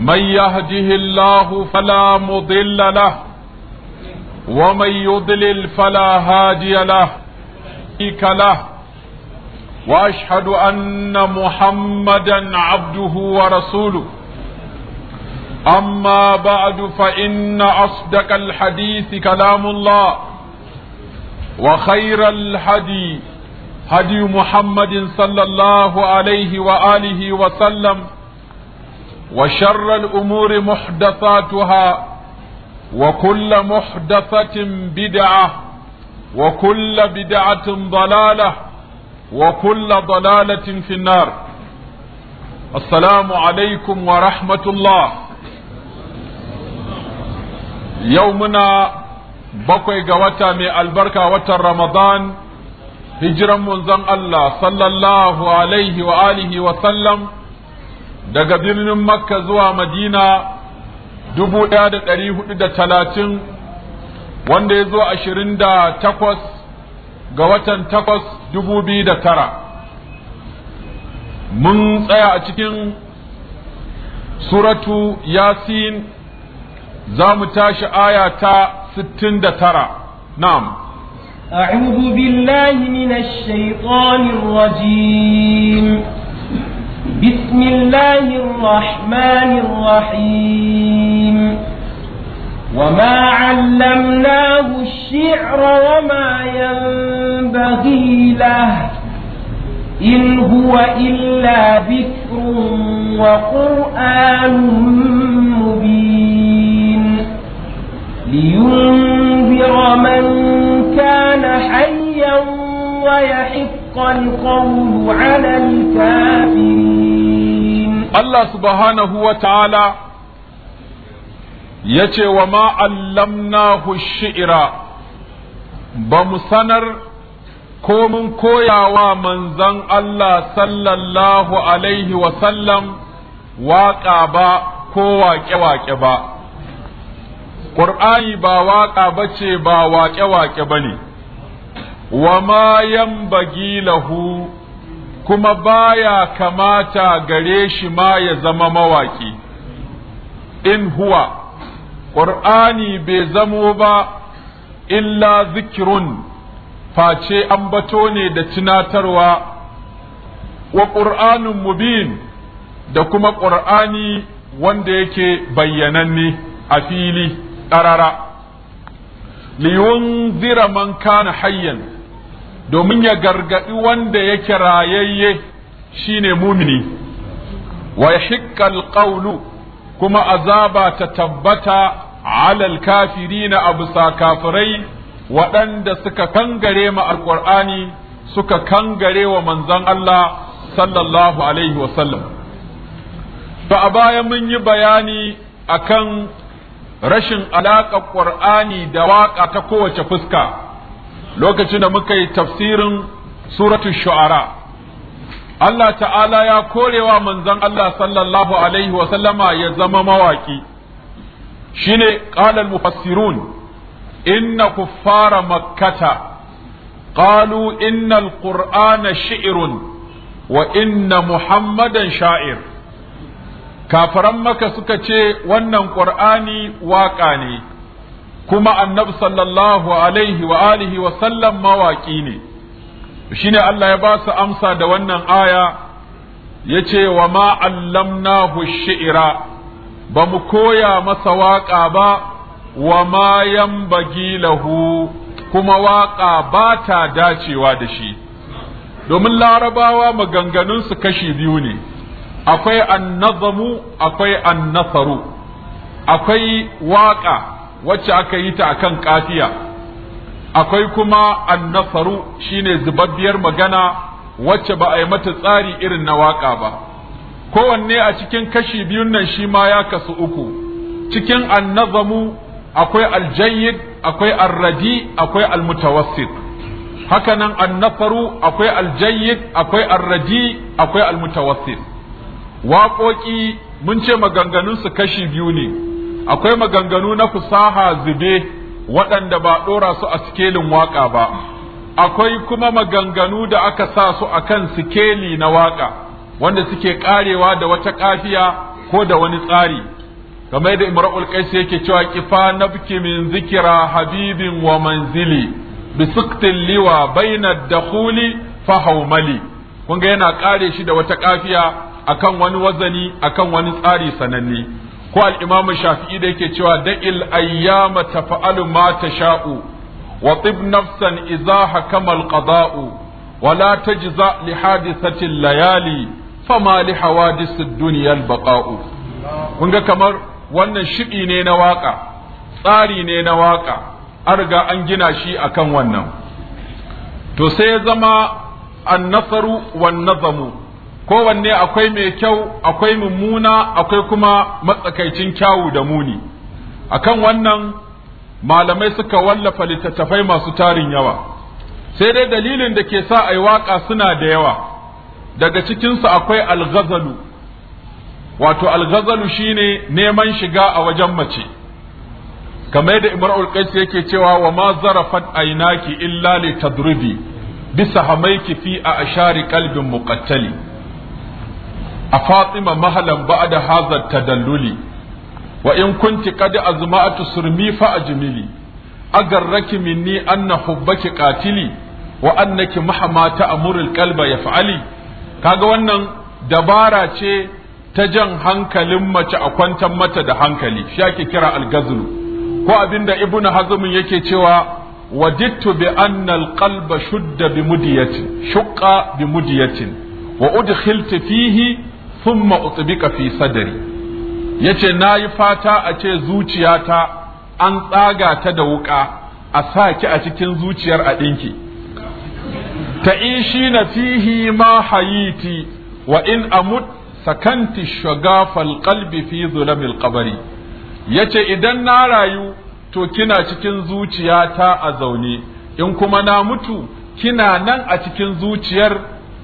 من يهده الله فلا مضل له ومن يضلل فلا هادي له له واشهد ان محمدا عبده ورسوله اما بعد فان اصدق الحديث كلام الله وخير الهدي هدي محمد صلى الله عليه واله وسلم وشر الأمور محدثاتها وكل محدثة بدعة وكل بدعة ضلالة وكل ضلالة في النار السلام عليكم ورحمة الله يومنا بقي قوتا من البركة وتر رمضان هجرا منزم الله صلى الله عليه وآله وسلم daga birnin makka zuwa madina dubu ɗaya da ɗari hudu da talatin wanda ya zo ashirin da takwas ga watan takwas dubu biyu da tara mun tsaya a cikin suratu yasin za mu tashi aya ta sittin da tara na'am أعوذ بالله من الشيطان الرجيم بسم الله الرحمن الرحيم وما علمناه الشعر وما ينبغي له إن هو إلا ذكر وقرآن مبين لينذر من كان حيا ويحق القول على الكافرين Allah subhanahu wa ta'ala ya ce wa ma'allamnahu shi'ira ba mu sanar ko mun koyawa manzan Allah sallallahu alaihi wasallam waƙa ba ko waƙe-waƙe ba. Ƙur'ani ba waƙa ba ce ba waƙe-waƙe ba ne, wa ma yan lahu kuma baya kamata gare shi ma ya zama mawaƙi in huwa ƙur'ani bai zamo ba illa zikirun face ambato ne da tunatarwa wa ƙur'anin mubin da kuma ƙur'ani wanda yake bayyananne a fili ƙarara liyun zira man kana hayyan domin ya gargadi wanda yake rayayye shine mumini wa yashqa alqawlu kuma azaba ta tabbata alal na abu kafirai waɗanda suka kangare ma alqur'ani suka kangare wa manzon Allah sallallahu alaihi wasallam to a baya mun yi bayani akan rashin alaƙar ƙur'ani da waƙa ta kowace fuska lokacin da muka yi tafsirin suratul shu'ara Allah ta'ala ya korewa manzon Allah sallallahu alaihi wa sallama ya zama mawaki shine qala al-mufassirun inna kuffara makkata qalu inna al-qur'ana shi'run wa inna muhammadan sha'ir kafaran maka suka ce wannan qur'ani waka ne kuma annabi sallallahu alaihi wa alihi wa sallam mawaƙi ne shine Allah ya ba su amsa da wannan aya ya ce wa ma allamnahu shi'ira ba mu koya masa waƙa ba wa ma yambagi lahu kuma waƙa ba ta dacewa da shi domin larabawa maganganunsu kashi biyu ne akwai annazamu akwai annasaru akwai waƙa wacce aka yi ta akan kafiya akwai kuma annafaru shine zubabbiyar magana wacce ba a yi mata tsari irin na waka ba kowanne a cikin kashi biyun nan shi ma ya kasu uku cikin annazamu akwai aljayyid akwai arradi akwai almutawassit haka nan annafaru akwai aljayyid akwai arradi akwai almutawassit waƙoƙi mun ce maganganunsu kashi biyu ne akwai maganganu na fusaha zube waɗanda ba ɗora su a sikelin waƙa ba akwai kuma maganganu da aka sa su a kan sikeli na waƙa wanda suke ƙarewa da wata ƙafiya ko da wani tsari game da imra'ul qais yake cewa kifa nafki min zikira habibin wa manzili bi suqtil liwa baina dakhuli fa haumali kun yana ƙare shi da wata ƙafiya akan wani wazani akan wani tsari sananni. ko al shafi'i da yake cewa da'il ayyama tafa'alu ma tasha'u wa tib nafsan idza hakama qadau wa la tajza li hadithati layali fama li hawadith ad-dunya kun ga kamar wannan shiɗi ne na waƙa. tsari ne na waƙa. an an gina shi akan wannan to sai zama an nasaru wan nazamu kowanne akwai mai kyau akwai mummuna akwai kuma matsakaicin kyawu da muni akan wannan malamai suka wallafa littattafai masu tarin yawa sai dai dalilin da ke sa a yi waƙa suna da yawa daga cikinsu akwai algazalu wato algazalu shine neman shiga a wajen mace kamar yadda imra'ul qais yake cewa wa ma zarafat aynaki illa li tadribi bisa hamaiki fi a ashari qalbin muqattali a Fatsima fatima mahalan ba'da ta tadalluli wa in kunti qad azma'tu surmi fa ajmili agarraki minni anna hubbaki qatili wa annaki mahama ta'muru alqalba yaf'ali kaga wannan dabara ce ta jan hankalin mace a kwantar mata da hankali shi ake kira algazlu ko abinda ibnu hazmin yake cewa wadittu bi anna alqalba shudda bi mudiyatin shuqqa bi mudiyatin wa udkhiltu fihi thumma utbika fi sadri yace nayi fata a ce zuciyata an tsaga ta da wuka a sa ki a cikin zuciyar a dinki ta shi na fihi ma hayiti wa in amut sakanti shagafal qalbi fi zulamil qabri yace idan na rayu to kina cikin zuciyata a zaune in kuma na mutu kina nan a cikin zuciyar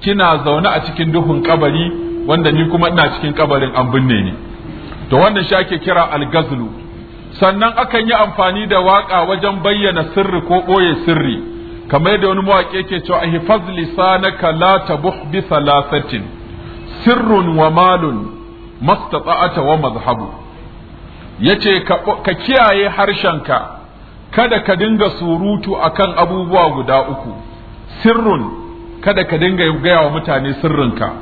kina zaune a cikin duhun kabari wanda ni kuma ina cikin kabarin an binne ni to wannan shi ake kira algazlu sannan akan yi amfani da waƙa wajen bayyana sirri ko ɓoye sirri kamar yadda wani mawaƙi yake cewa ahfaz lisanaka la tabuh bi thalathatin sirrun wa malun mastata'ata wa mazhabu yace ka kiyaye harshenka kada ka dinga surutu akan abubuwa guda uku sirrun kada ka dinga gaya wa mutane sirrinka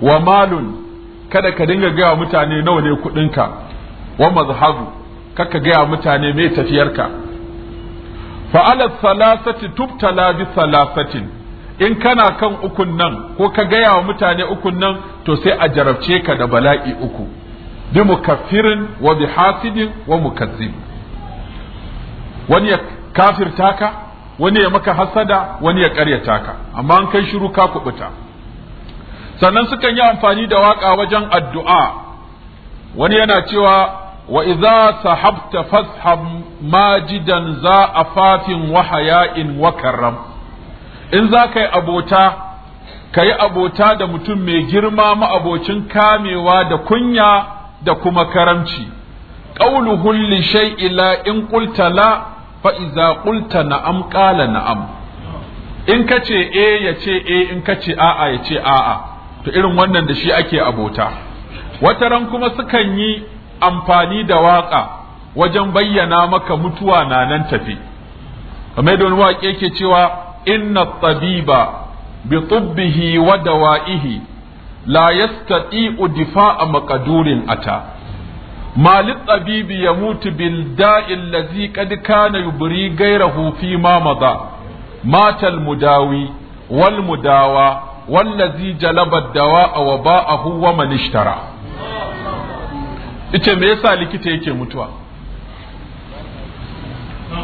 wa malun kada ka dinga gaya mutane nawa ne ka wa mazhabu kaka gaya mutane me tafiyarka fa ala salasati tubtala bi thalathatin in kana kan ukun nan ko ka gaya wa mutane ukun nan to sai a jarabce ka da bala'i uku bi mukaffirin wa bi hasidin wa mukazzib wani ya kafirtaka wani ya maka hasada wani ya karyata ka amma an kai shiru ka kubuta sannan sukan yi amfani da waƙa wajen addu'a wani yana cewa wa idza sahabta fashab majidan za a wa haya'in wa karam in za ka yi abota ka yi abota da mutum mai girma ma'abocin kamewa da kunya da kuma karamci qauluhu li shay'i la in qulta la fa idza qulta na'am qala na'am in kace eh yace eh in kace a'a yace a'a to irin wannan da shi ake abota wata ran kuma sukan yi amfani da waƙa wajen bayyana maka mutuwa na nan tafi kamar da wani waƙe yake cewa inna tabiba bi tubbihi wa dawa'ihi la yastati'u difa'a maqdurin ata ما للطبيب يموت بالداء الذي قد كان يبري غيره فيما مضى مات المداوي والمداوى wallazi jalaba dawa'a wa ba'ahu wa man ishtara ice me yasa likita yake mutuwa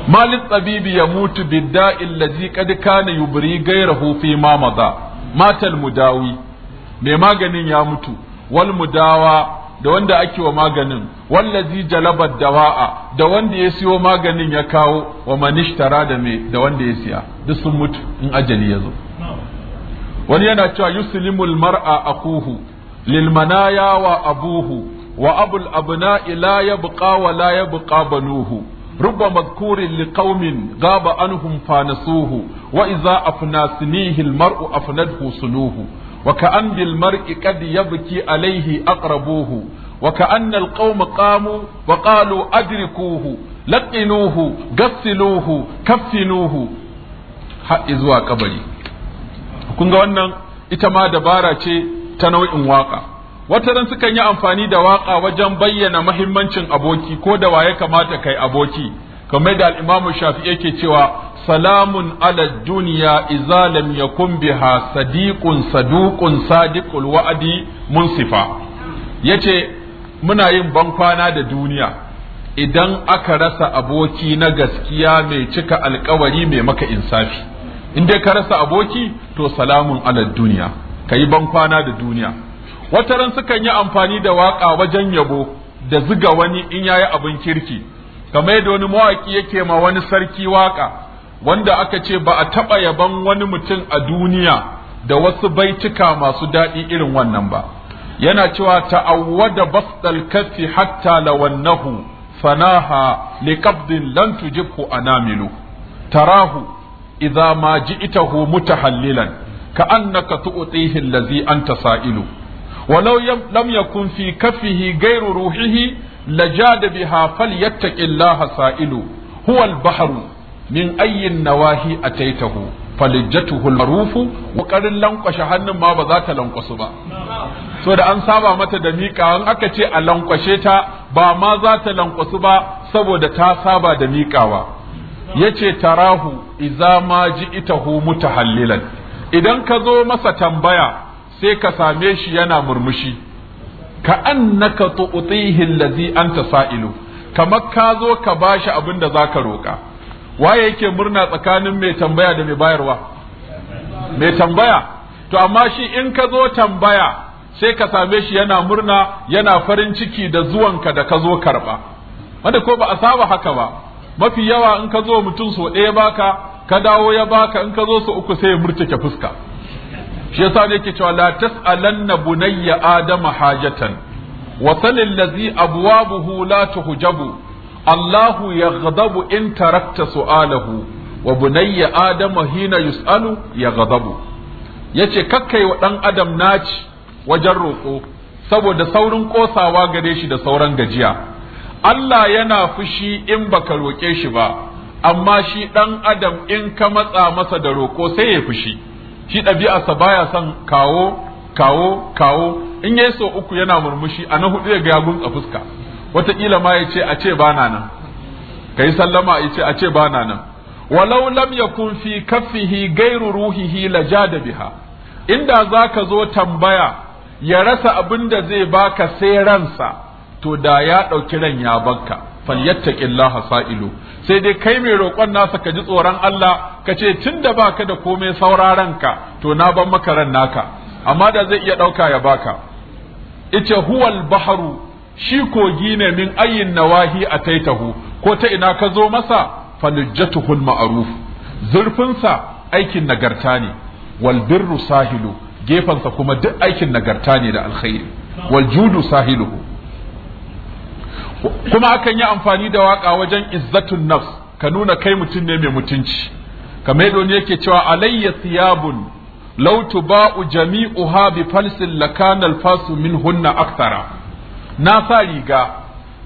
malit tabibi ya mutu Bidda, allazi qad kana yubri ghayrahu fi ma madha matal mudawi mai maganin ya mutu wal mudawa da wanda ake wa maganin wallazi jalaba dawa'a da wanda ya siyo maganin ya kawo wa manishtara da me da wanda ya siya duk sun mutu in ajali ya zo wani yana cewa yuslimul mar'a akuhu lil manaya wa abuhu wa abul abna ya yabqa wa la yabqa banuhu rubba madkurin li qaumin gaba anhum fanasuhu wa iza afna sinihi al mar'u afnadhu sunuhu wa ka'an bil mar'i qad yabki alayhi aqrabuhu wa ka'an al qaum qamu wa qalu adrikuhu laqinuhu gassiluhu kaffinuhu har zuwa kabari kun ga wannan ita ma dabara ce ta nau'in waka ran sukan yi amfani da waƙa wajen bayyana mahimmancin aboki ko da waye kamata kai aboki kamar da al-Imam Shafi'i yake cewa salamun ala dunya idza lam yakun biha sadiqun saduqun sadiqul wa'di munsifa yace muna yin bankwana da duniya idan aka rasa aboki na gaskiya mai cika alkawari mai maka insafi in dai ka rasa aboki to salamun ala duniya ka yi kwana da duniya wata ran sukan yi amfani da waka wajen yabo da ziga wani in yayi abin kirki kamar yadda wani mawaki yake ma wani sarki waka wanda aka ce ba a taba yaban wani mutum a duniya da wasu baituka masu daɗi irin wannan ba yana cewa ta'awwada basdal kafi hatta lawannahu fanaha liqabdin lan tujibhu anamilu tarahu idza ma ji'tahu mutahallilan ka annaka tu'tihi an ta sa'ilu walau lamya yakun fi kafihi ghairu ruhihi lajada biha falyattaqillaha sa'ilu huwa al-bahru min ayyin nawahi ataitahu falijjatuhu al-marufu ƙoƙarin lankwashe hannun ma ba za ta lankwasu ba so an saba mata da miƙawa aka ce a lankwashe ta ba ma za ta lankwasu ba saboda ta saba da miƙawa yace tarahu idza ma ji'tahu mutahallilan idan ka zo masa tambaya sai ka same shi yana murmushi ka annaka tu'tihi allazi anta sa'ilu kamar ka zo ka bashi abin da zaka roka waye yake murna tsakanin mai tambaya da mai bayarwa mai tambaya to amma shi in ka zo tambaya sai ka same shi yana murna yana farin ciki da zuwanka da ka zo karba wanda ko ba a saba haka ba mafi yawa in ka zo mutum so ɗaya baka ka dawo ya baka in ka zo so uku sai ya murtake fuska shi yasa ne yake cewa la tas'alanna bunayya adama hajatan wa salil ladzi abwabuhu la tuhjabu Allahu yaghdabu in tarakta su'alahu wa bunayya adama hina yus'alu yaghdabu yace kakkai wa dan adam naci wajen roƙo saboda saurin kosawa gare shi da sauran gajiya Allah yana fushi in baka roƙe shi ba amma shi ɗan adam in ka matsa masa da roƙo sai ya fushi shi ɗabi'arsa baya son kawo kawo kawo in yayi so uku yana murmushi a na hudu ya ga gunsa fuska wataƙila ma ya ce a ce bana nan kai sallama ya ce a ce bana nan walau lam yakun fi kaffihi gairu ruhihi da biha inda zaka zo tambaya ya rasa abin da zai baka sai ransa to da ya ɗauki ran ya falyatta falyattaqillaha sa'ilu sai dai kai mai roƙon nasa ka ji tsoron Allah ka ce tunda baka da komai saura ka to na ban maka ran naka amma da zai iya ɗauka ya baka ice huwal baharu shi kogi ne min ayin nawahi a taitahu ko ta ina ka zo masa falujjatuhul ma'ruf zurfinsa aikin nagarta ne wal birru sahilu gefensa kuma duk aikin nagarta ne da alkhairi wal judu sahiluhu kuma akan yi amfani da waka wajen izzatun nafs ka nuna kai mutum ne mai mutunci kamar yadda yake cewa alayya thiyabun law tuba'u jami'uha bi falsin lakana alfasu min hunna aktara na sa riga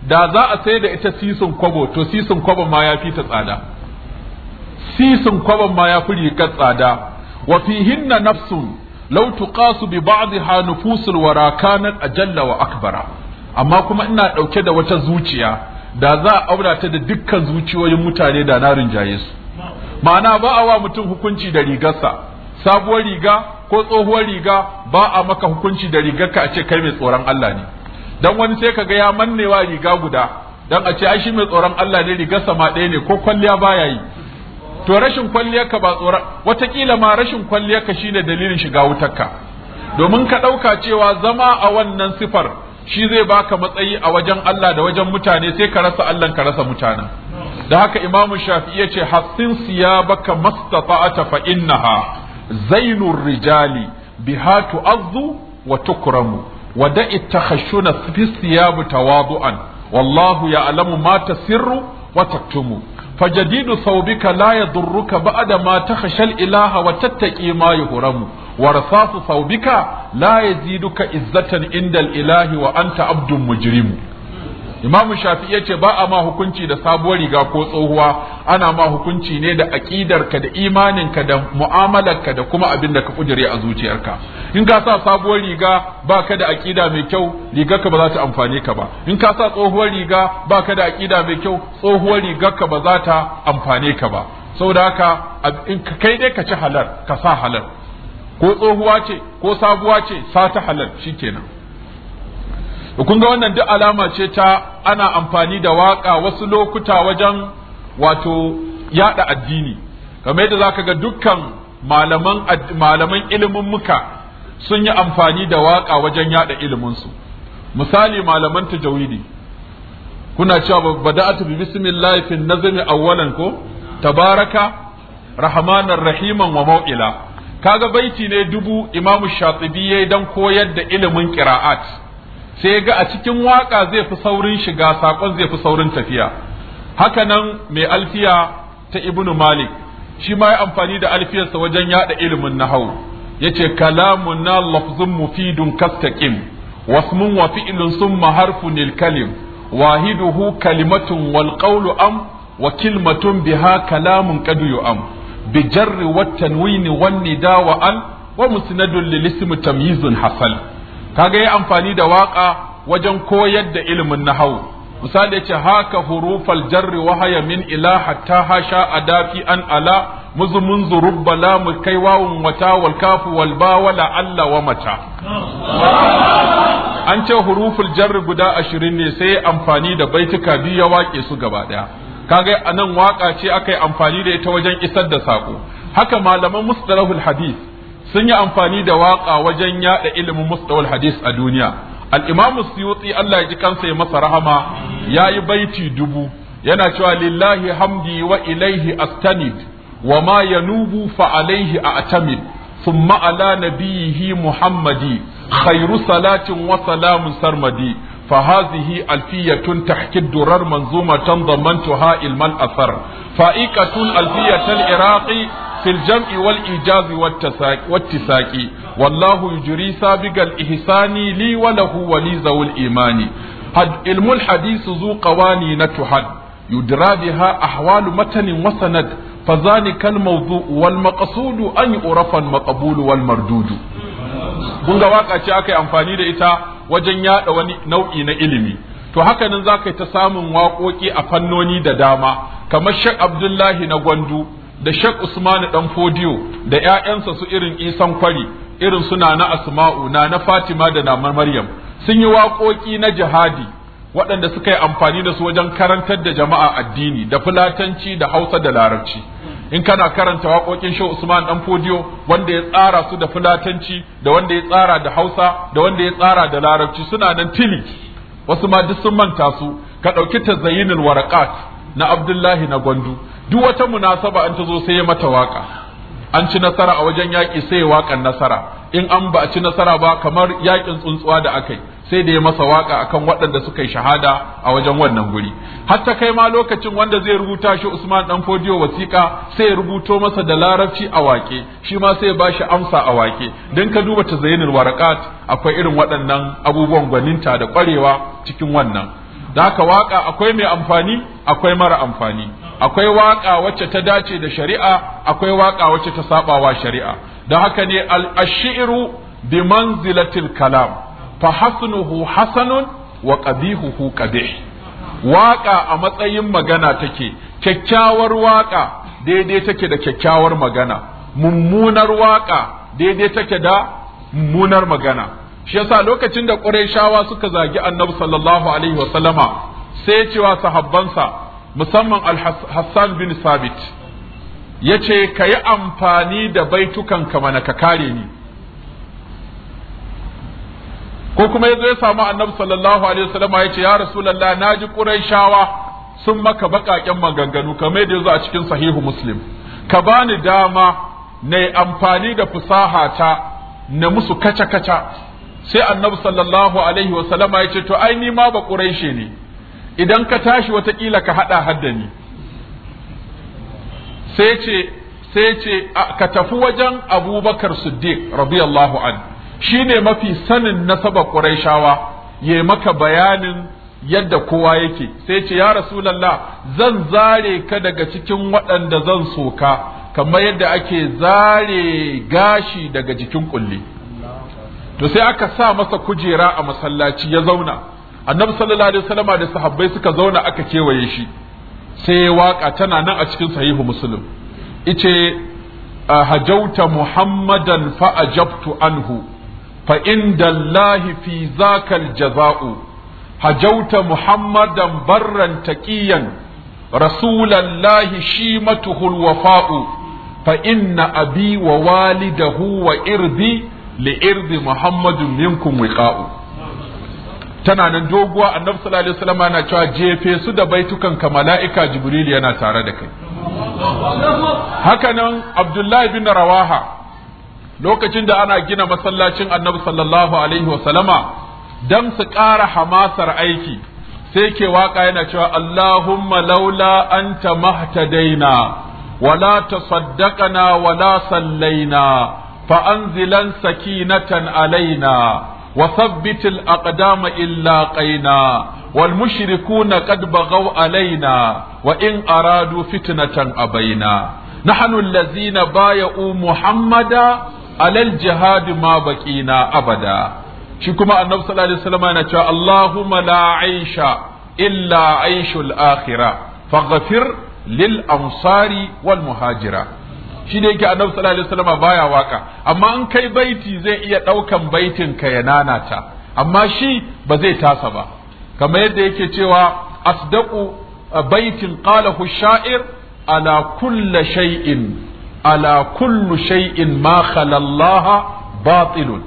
da za a sai da ita sisin kwabo to sisin kwabo ma ya fi ta tsada sisin kwabon ma ya fi rigar tsada wa hinna nafsun law tuqasu bi ba'dha nufusul wara kanat ajalla wa akbara amma kuma ina ɗauke da wata zuciya da za a aura ta da dukkan zuciyoyin mutane da na rinjaye su ma'ana ba a wa mutum hukunci da rigarsa sabuwar riga ko tsohuwar riga ba a maka hukunci da rigarka a ce kai mai tsoron Allah ne dan wani sai ka ga ya mannewa riga guda dan a ce ai shi mai tsoron Allah ne rigarsa ma ɗaya ne ko kwalliya baya yi to rashin kwalliyarka ba tsoron watakila ma rashin kwalliyarka shine dalilin shiga wutarka domin ka ɗauka cewa zama a wannan sifar shi zai baka matsayi a wajen Allah da wajen mutane sai ka rasa Allah ka rasa mutanen da haka imamu shafi'i ya ce hassin baka mastata'ata fa innaha zainur rijali biha tu'azzu wa tukramu wa da'i takhashuna fi siyab tawadu'an wallahu ya'lamu ma tasirru wa taktumu فجديد ثوبك لا يضرك بعد ما تخشى الإله وتتقي ما يهرم ورصاص ثوبك لا يزيدك عزة عند الإله وأنت عبد مجرم imamu shafi'i ce ba a ma hukunci da sabuwar riga ko tsohuwa ana ma hukunci ne da ka da imanin ka da mu'amalarka da kuma abin da ka kudure a zuciyarka in ka sa sabuwar riga ba ka da aqida mai kyau rigarka ba za ta amfane ka ba in ka sa tsohuwar riga ba ka da aqida mai kyau tsohuwar rigarka ba za ta amfane ka ba saboda haka in kai dai ka ci halal ka sa halal ko tsohuwa ce ko sabuwa ce sa ta halal shikenan kun ga wannan duk alama ce ta ana amfani da waka wasu lokuta wajen wato yada addini kamar yadda zaka ga dukkan malaman malaman ilimin muka sun yi amfani da waka wajen yada ilimin su misali malaman tajawidi kuna cewa bada'atu bi bismillah fi nazmi awwalan ko tabaraka rahmanar rahiman wa mau'ila kaga baiti ne dubu imamu shatibi yayi dan koyar da ilimin qira'at sai ga a cikin waƙa zai fi saurin shiga saƙon zai fi saurin tafiya haka nan mai alfiya ta ibnu malik shi ma ya amfani da alfiyarsa wajen yada ilimin nahau ce kalamun na lafzun mufidun kastaqim wasmun wa fi'lun summa harfun lil wahiduhu kalimatun walƙaulu am wa kilmatun biha kalamun qad yu'am bi jarri wat tanwin wan nida wa an wa musnadun lil ismi tamyizun hasal kaga yayi amfani da waka wajen koyar da ilimin na hau misali yace haka hurufal jarri wa haya min ila hatta hasha dafi an ala muzu munzu mu kai wawun wata wal kafu wal ba wala alla wa mata an ce huruful jarri guda ashirin ne sai amfani da baituka biyu ya wake su gaba daya kaga anan waka ce aka yi amfani da ita wajen isar da saƙo. haka malaman mustalahul hadith sun yi amfani da waƙa wajen yaɗa ilimin mustawal hadis a duniya al-imam suyuti Allah ya ji kansa ya masa rahama yayi baiti dubu yana cewa lillahi hamdi wa ilaihi astanid wa ma yanubu fa alaihi a'tamid ثم على muhammadi khairu salatin صلاة وسلام sarmadi. فهذه ألفية تحكي الدرر منظومة ضمنتها علم الأثر فائقة ألفية العراقي في الجمع والإيجاز والتساك والله يجري سابق الإحسان لي وله ولي ذو الإيمان علم الحديث ذو قوانين تحد يدرى بها أحوال متن وسند فذلك الموضوع والمقصود أن يعرف المقبول والمردود kun ga waka ce aka yi amfani da ita wajen yada wani nau'i na ilimi to haka nan za yi ta samun waƙoƙi a fannoni da dama kamar shek abdullahi na gwandu da shek usmanu dan fodiyo da ƴaƴansa su irin isan kwari irin suna na asma'u na na fatima da na maryam sun yi waƙoƙi na jihadi waɗanda suka yi amfani da su wajen karantar da jama'a addini da fulatanci da hausa da larabci in kana karanta waƙoƙin Shehu Usman dan Fodiyo wanda ya tsara su da fulatanci da wanda ya tsara da Hausa da wanda ya tsara da Larabci suna nan tili wasu ma duk sun manta su ka ɗauki tazayyinul waraqat na Abdullahi na Gwandu duk wata munasaba an ta zo sai ya mata waka an ci nasara a wajen yaƙi sai ya waƙan nasara in an ba ci nasara ba kamar yaƙin tsuntsuwa da aka yi sai da ya masa waka akan waɗanda suka yi shahada a wajen wannan guri ta kai ma lokacin wanda zai rubuta shi Usman dan Fodiyo wasiƙa sai ya rubuto masa da larabci a waƙe. shi ma sai ya bashi amsa a waƙe. dan ka duba ta tazayyinul warakat akwai irin waɗannan abubuwan gwaninta da ƙwarewa cikin wannan da haka waka akwai mai amfani akwai mara amfani akwai waka wacce ta dace da shari'a akwai waka wacce ta sabawa shari'a da haka ne al-ashiru bi manzilatil kalam fa hasnuhu hasanun wa qabihuhu qabih waka a matsayin magana take kyakkyawar waka daidai take da kyakkyawar magana mummunar waka daidai take da mummunar magana shi lokacin da Qurayshawa suka zagi Annabi sallallahu sai cewa sahabbansa musamman Al-Hassan bin Sabit yace yi amfani da baitukan ka mana ka kare ni ko kuma zo ya samu annabi sallallahu alaihi wasallam ya ce ya na naji quraishawa sun maka bakaken maganganu kamar da yazo a cikin sahihu muslim ka bani dama na amfani da fusaha ta na musu kaca kaca sai annabi sallallahu alaihi wasallam ya ce to ai ni ma ba quraishe ne idan ka tashi watakila ka hada haddani sai ce sai ce ka tafi wajen abubakar siddiq radiyallahu anhu Shi ne mafi sanin nasaba Qurayshawa ya maka bayanin yadda kowa yake sai ce ya rasulallah zan zare ka daga cikin waɗanda zan soka kamar yadda ake zare gashi daga jikin kulli to sai aka sa masa kujera a masallaci ya zauna annabi sallallahu alaihi wasallama da sahabbai suka zauna aka kewaye shi sai waka tana nan a cikin sahihu muslim ice hajauta muhammadan fa ajabtu anhu fa inda Allahi fi zakal jaza'u hajauta muhammadan barran taqiyan rasulallahi shimatuhul wafa'u fa inna abi wa walidahu wa irdi li irdi muhammadun minkum wiqa'u tana nan doguwa annabi sallallahu alaihi wasallam yana cewa jefe su da baitukan ka mala'ika jibril yana tare da kai hakanan abdullahi bin rawaha lokacin da ana gina masallacin annabi sallallahu alaihi wasallama su ƙara hamasar aiki sai ke waƙa yana cewa Allahumma laula anta mahtadaina wala tasaddaqana wala sallaina fa anzilan sakinatan alaina وثبت الأقدام إلا قينا والمشركون قد بغوا علينا وإن أرادوا فتنة abaina نحن lazina baya محمدا alal jihad ma baqina abada shi kuma annabi sallallahu alaihi wasallam yana cewa Allahumma la aisha illa aishul akhirah faghfir lil ansari wal muhajira shi da yake annabi sallallahu alaihi wasallam baya waka amma in kai baiti zai iya daukan baitin ka ya nanata amma shi ba zai tasa ba kamar yadda yake cewa asdaqu baitin qalahu sha'ir ala kulli shay'in ala kullu shai'in ma khala Allah batilun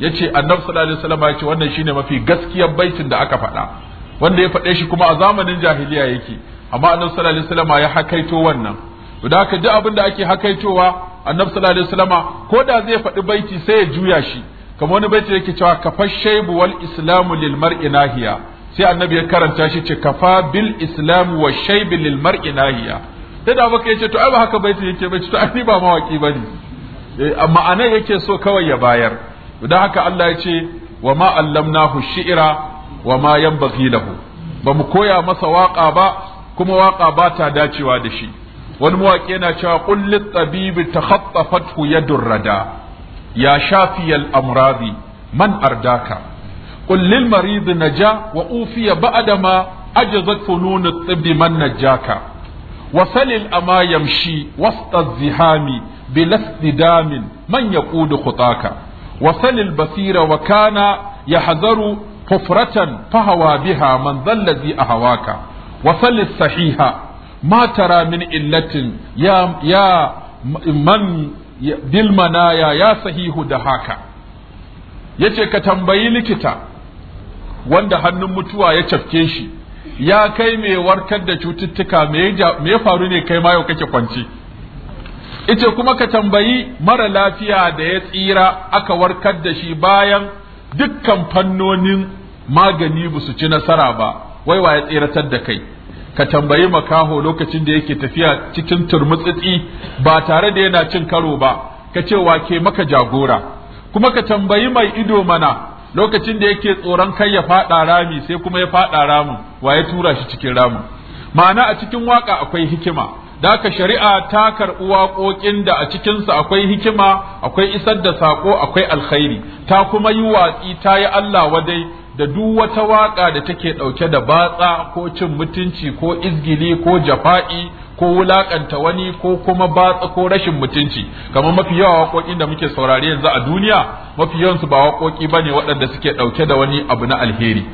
yace annabi sallallahu alaihi wasallam yace wannan shine mafi gaskiyar baitin da aka faɗa wanda ya faɗe shi kuma a zamanin jahiliya yake amma annabi sallallahu alaihi wasallam ya hakaito wannan to da aka ji abin da ake hakaitowa annabi sallallahu alaihi wasallam ko da zai faɗi baiti sai ya juya shi kamar wani baiti yake cewa kafa shaybu wal islamu lil mar'i nahiya sai annabi ya karanta shi ce kafa bil islamu wa shaybi lil mar'i nahiya sai da baka yace to ai ba haka baiti yake ba to ai ba mawaki bane eh, amma anan yake so kawai ya bayar don haka Allah ya ce wa ma allamnahu shi'ra wa ma yanbaghi lahu ba mu koya masa waka ba kuma waka ba ta dacewa da shi wani mawaki yana cewa qul lit tabibi takhattafathu yadur rada ya shafiyal amradi man ardaka qul lil na ja wa ufiya ba'da ma ajazat funun man najaka wasalil ama yamshi wasta zihami bilasdidamin man yaqudu khutaka wasalil basira wa kana yahzaru hufratan fahawa biha man dhallazi ahawaka wasalil sahiha ma tara min ya ya ya sahihu da haka yace ka tambayi likita wanda hannun mutuwa ya cafke shi ya kai mai warkar da cututtuka me faru ne kai ma yau kake kwanci ice kuma ka tambayi mara lafiya da ya tsira aka warkar da shi bayan dukkan fannonin magani ba su ci nasara ba wai wa ya tsiratar da kai ka tambayi makaho lokacin da yake tafiya cikin turmutsitsi ba tare da yana cin karo ba ka ce wa ke maka jagora kuma ka tambayi mai ido mana lokacin da yake tsoron kai ya faɗa rami sai kuma ya faɗa ramin wa ya tura shi cikin ramin ma'ana a cikin waka akwai hikima da ka shari'a ta karɓi waƙoƙin da a cikinsu akwai hikima akwai isar da saƙo akwai alkhairi ta kuma yi watsi ta yi Allah wadai da duk wata waƙa da take ɗauke da batsa ko cin mutunci ko izgili ko jafa'i ko wulaƙanta wani ko kuma batsa ko rashin mutunci kamar mafi yawa waƙoƙin da muke saurari yanzu a duniya mafi yawansu ba waƙoƙi bane waɗanda suke ɗauke da wani abu na alheri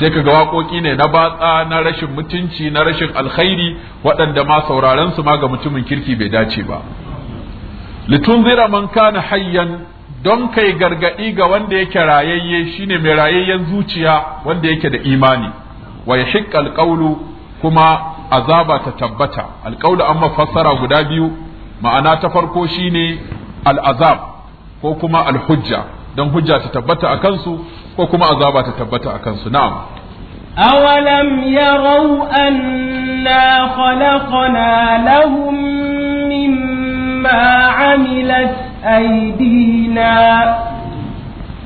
sai kaga waƙoƙi ne na batsa na rashin mutunci na rashin alkhairi waɗanda ma sauraron su ma ga mutumin kirki bai dace ba litunzira man kana hayyan don kai gargadi ga wanda yake rayayye shine mai rayayyen zuciya wanda yake da imani wa shiƙa alqawlu kuma azaba ta tabbata alqawlu an fassara guda biyu ma'ana ta farko shine al'azab ko kuma alhujja don hujja ta tabbata a kansu ko kuma azaba ta tabbata a kansu na'am أولم يروا أنا خلقنا لهم مما عملت أيديهم أيدينا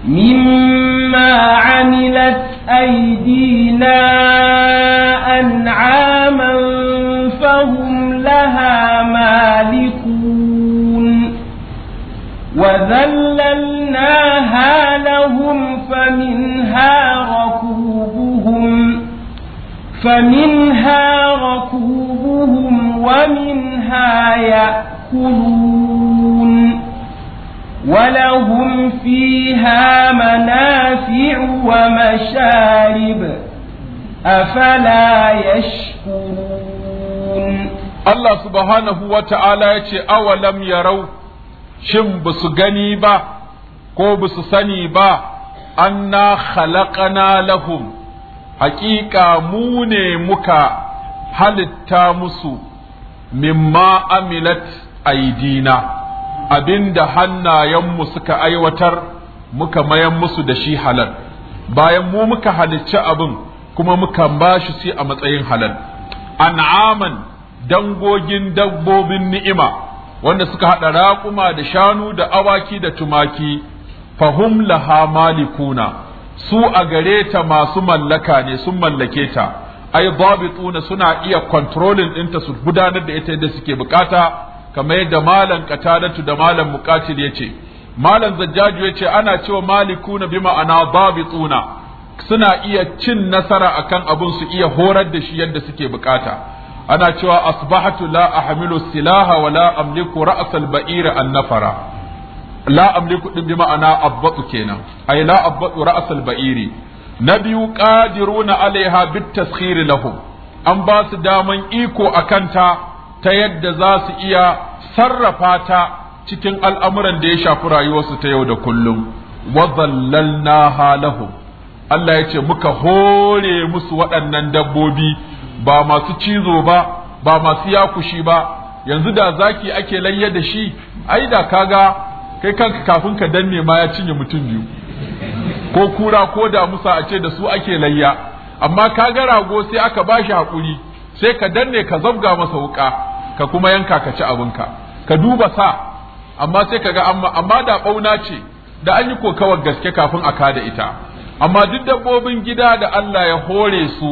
مما عملت أيدينا أنعاما فهم لها مالكون وذللناها لهم فمنها ركوبهم فمنها ركوبهم ومنها يأكلون ولهم فيها منافع ومشارب أفلا يشكرون الله سبحانه وتعالى يتي أولم يروا شم بسغني با ko ba su sani ba anna khalaqana lahum haƙiƙa mu ne muka halitta musu mimma amilat abinda hannayenmu suka aiwatar muka mayan musu da shi halal bayan mu muka halicci abin kuma muka ba shi sai a matsayin halal an'aman dangogin dabbobin ni'ima wanda suka haɗa raƙuma da shanu da awaki da tumaki fahum laha malikuna su a gareta masu mallaka ne sun mallake ta ai dabituna suna iya controlling ɗinta su gudanar da ita yadda suke bukata kamar yadda malam qatadatu da malam muqatil yace malam zajjaju yace ana cewa malikuna bi ma'ana tsuna suna iya cin nasara akan abun su iya horar da shi yadda suke bukata ana cewa asbahatu la ahmilu silaha wa la amliku ra'sal an nafara la amliku din bi ma'ana abbatu kenan ay la abbatu ra'sal ba'iri na biyu qadiruna alaiha bit lahum an ba su daman iko akanta ta yadda za su iya sarrafa ta cikin al'amuran da ya shafi rayuwarsu ta yau da kullum wa halahum Allah ya ce muka hore musu waɗannan dabbobi ba masu cizo ba ba masu yakushi ba yanzu da zaki ake layya da shi ai da kaga kai kanka kafin ka danne ma ya cinye mutum biyu ko kura ko da musa a ce da su ake layya amma ka ga rago sai aka ba shi haƙuri sai ka danne ka zabga masa wuƙa ka kuma yanka ka ci abinka ka duba sa amma sai ka ga amma amma da bauna ce da an yi kokawar gaske kafin a kada ita amma duk dabbobin gida da Allah ya hore su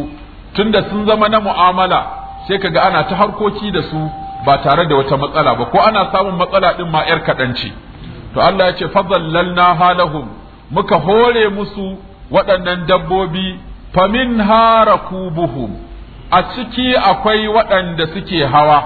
tunda sun zama na mu'amala sai ka ga ana ta harkoki da su ba tare da wata matsala ba ko ana samun matsala din ma yar kadanci to Allah ya ce fadallalna halahum muka hore musu waɗannan dabbobi famin harakubuhum a ciki akwai waɗanda suke hawa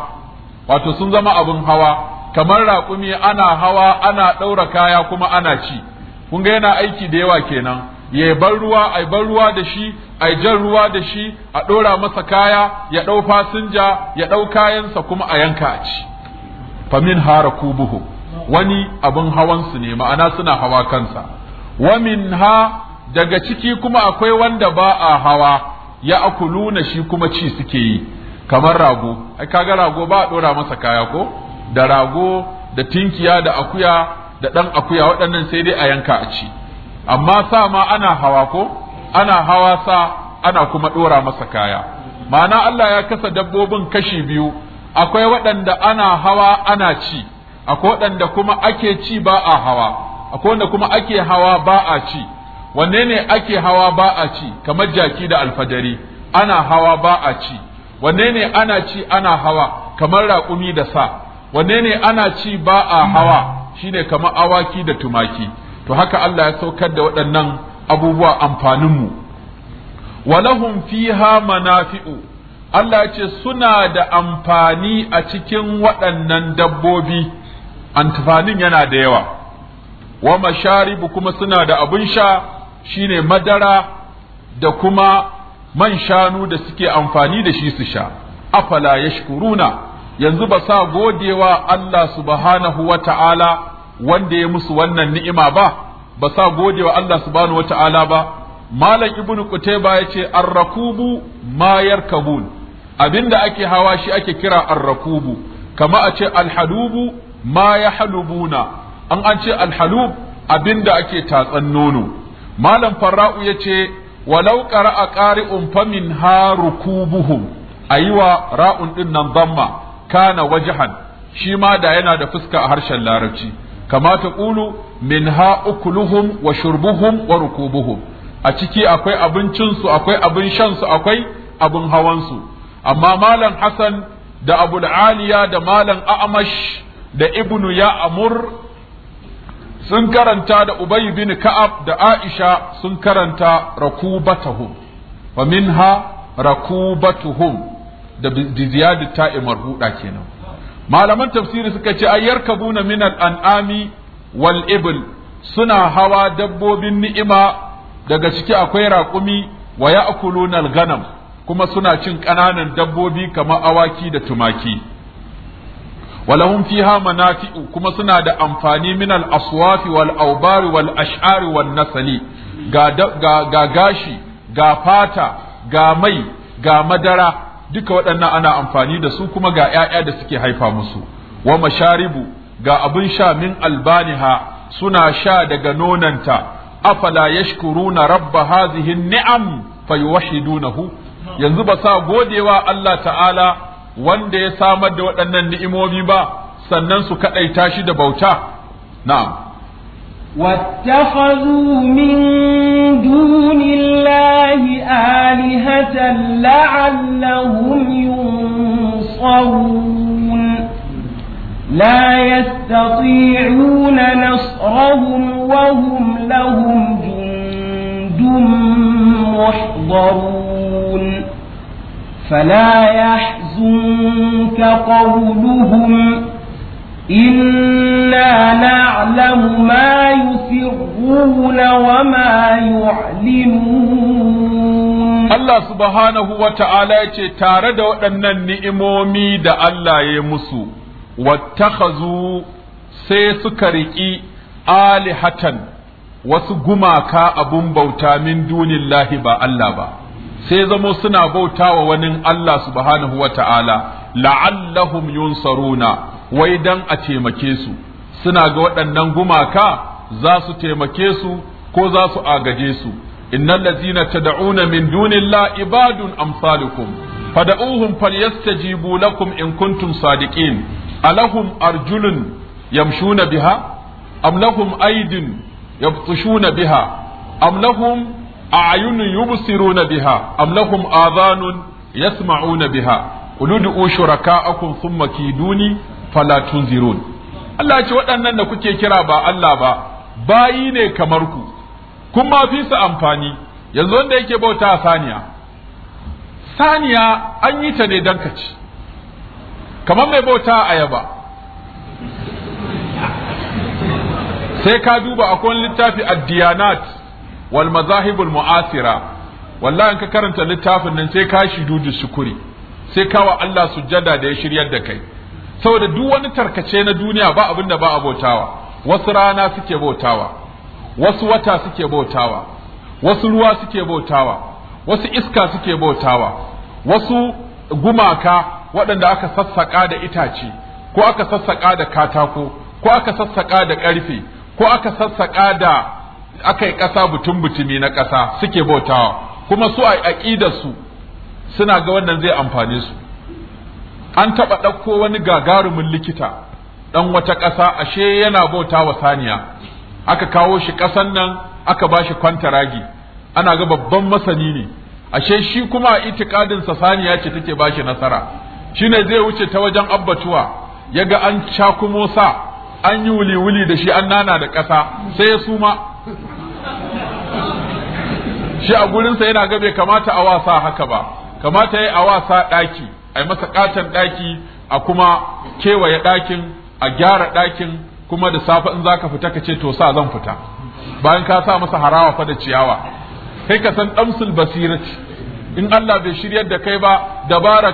wato sun zama abin hawa kamar raƙumi ana hawa ana ɗaura kaya kuma ana ci kun ga yana aiki da yawa kenan ya bar ruwa ai bar ruwa da shi ai jan ruwa da shi a ɗora masa kaya ya ɗau fasinja ya ɗau kayansa kuma a yanka a ci famin hara kubuhu wani abin hawansu ne ma'ana suna hawa kansa wamin ha daga ciki kuma akwai wanda ba a hawa ya na shi kuma ci suke yi kamar rago ai kaga rago ba a dora masa kaya ko da rago da tinkiya da akuya da dan akuya waɗannan sai dai a yanka a ci amma sa ma ana hawa ko ana hawa sa ana kuma dora masa kaya ma'ana Allah ya kasa dabbobin kashi biyu akwai waɗanda ana hawa ana ci akwai waɗanda kuma ake ci ba a hawa akwai wanda kuma ake hawa ba a ci wanne ne ake hawa ba a ci kamar jaki da Alfajari? ana hawa ba a ci wanne ne ana ci ana hawa kamar raƙumi da sa wanne ne ana ci ba a hawa shine kamar awaki da tumaki to haka Allah ya saukar da waɗannan abubuwa amfaninmu walahum fiha manafi'u Allah ce suna da amfani a cikin waɗannan dabbobi amfanin yana da yawa wa masharibu kuma suna da abun sha shine madara da kuma man shanu da suke amfani da shi su sha afala ya yashkuruna yanzu ba sa godewa Allah subhanahu wa ta'ala wanda ya musu wannan ni'ima ba ba sa godewa Allah subhanahu wa ta'ala ba malam ibnu qutayba yace ce arrakubu ma yarkabun abinda ake hawa shi ake kira arrakubu kama a ce alhalubu ma ma halubuna an an ce alhalub abinda ake tatsan nono malam farra'u ce. walau kari qari'un famin ha yi wa ra'un din nan dhamma kana wajhan shi ma da yana da fuska a harshen larabci kama ta qulu min ha ukuluhum wa shurbuhum wa rukubuhu. a ciki akwai abincinsu akwai abin shansu akwai abin hawansu amma malam Hassan da abul da malam a'amash da ibnu amur. sun karanta da Ubay bin Ka'ab da Aisha sun karanta rakubatuhum wa minha rakubatuhum da ziyadu ta'i marhuda kenan malaman tafsiri suka ce ayyar kabuna min al-an'ami wal ibl suna hawa dabbobin ni'ima daga ciki akwai raƙumi wa ya'kuluna al-ghanam kuma suna cin ƙananan dabbobi kamar awaki da tumaki walahum fiha manafi'u kuma suna da amfani min al-aswafi wal aubari wal ash'ari wan ga ga gashi ga fata ga mai ga madara duka waɗannan ana amfani da su kuma ga 'ya'ya da suke haifa musu wa masharibu ga abin sha min albaniha suna sha daga nonanta afala yashkuruna rabba hadhihi ni'am fayuwahhidunahu yanzu ba sa godewa Allah ta'ala wanda ya samar da waɗannan ni'imomi ba sannan su kaɗaita shi da bauta na wata fazu min dunin lahi a halihatan la’allahun yunsarun la ya tsatsi runa na tsarun wahun lahun jundun mashigaru فلا يحزنك قولهم إنا نعلم ما يسرون وما يعلنون الله سبحانه وتعالى تارد أن النئمومي دا الله يمسو واتخذوا سيسكرئي آلهة wasu gumaka abun bauta min dunillahi ba Allah ba sai zamo suna bauta wa wani Allah subhanahu wa ta'ala la'allahum yunsaruna wai dan a taimake su suna ga waɗannan gumaka za su taimake su ko za su agaje su innal ladzina tad'una min dunillahi ibadun amsalukum fad'uhum falyastajibu lakum in kuntum sadiqin alahum arjulun yamshuna biha am lahum aydin yabtushuna biha am lahum أعين يبصرون بها أم لهم آذان يسمعون بها قل ادعوا شركاءكم ثم كيدوني فلا تنذرون Allah ce waɗannan da kuke kira ba Allah ba bayi ne kamar ku kun ma su amfani yanzu wanda yake bauta saniya saniya an yi ta ne dankaci, kamar mai bauta ayaba sai ka duba akwai littafi addiyanat wal mazahibul mu'asira wallahi ka karanta littafin nan sai ka shidudu shukuri sai kawa Allah sujjada da ya shiryar da kai saboda duk wani tarkace na duniya ba abin da ba a bautawa wasu rana suke bautawa wasu wata suke bautawa wasu ruwa suke bautawa wasu iska suke bautawa wasu gumaka waɗanda aka sassaƙa da itace ko aka sassaƙa da katako ko aka sassaƙa da ƙarfe ko aka sassaƙa da aka yi ƙasa butun butumi na ƙasa suke bautawa kuma su a aƙidarsu suna ga wannan zai amfane su an taɓa ɗauko wani gagarumin likita ɗan wata ƙasa ashe yana bautawa saniya aka kawo shi ƙasan nan aka ba shi kwantaragi ana ga babban masani ne ashe shi kuma a itikadinsa saniya ce take ba shi nasara shine zai wuce ta wajen abbatuwa ya ga an cakumo sa an yi wuli-wuli da shi an nana da ƙasa sai ya suma shi a gurinsa yana ga bai kamata a wasa haka ba kamata ya yi a wasa ɗaki a yi masa ƙaton ɗaki a kuma kewaye ɗakin a gyara ɗakin kuma da safe in zaka fita ka ce to sa zan fita bayan ka sa masa harawa fa da ciyawa kai ka san damsul basirati in Allah bai shiryar da kai ba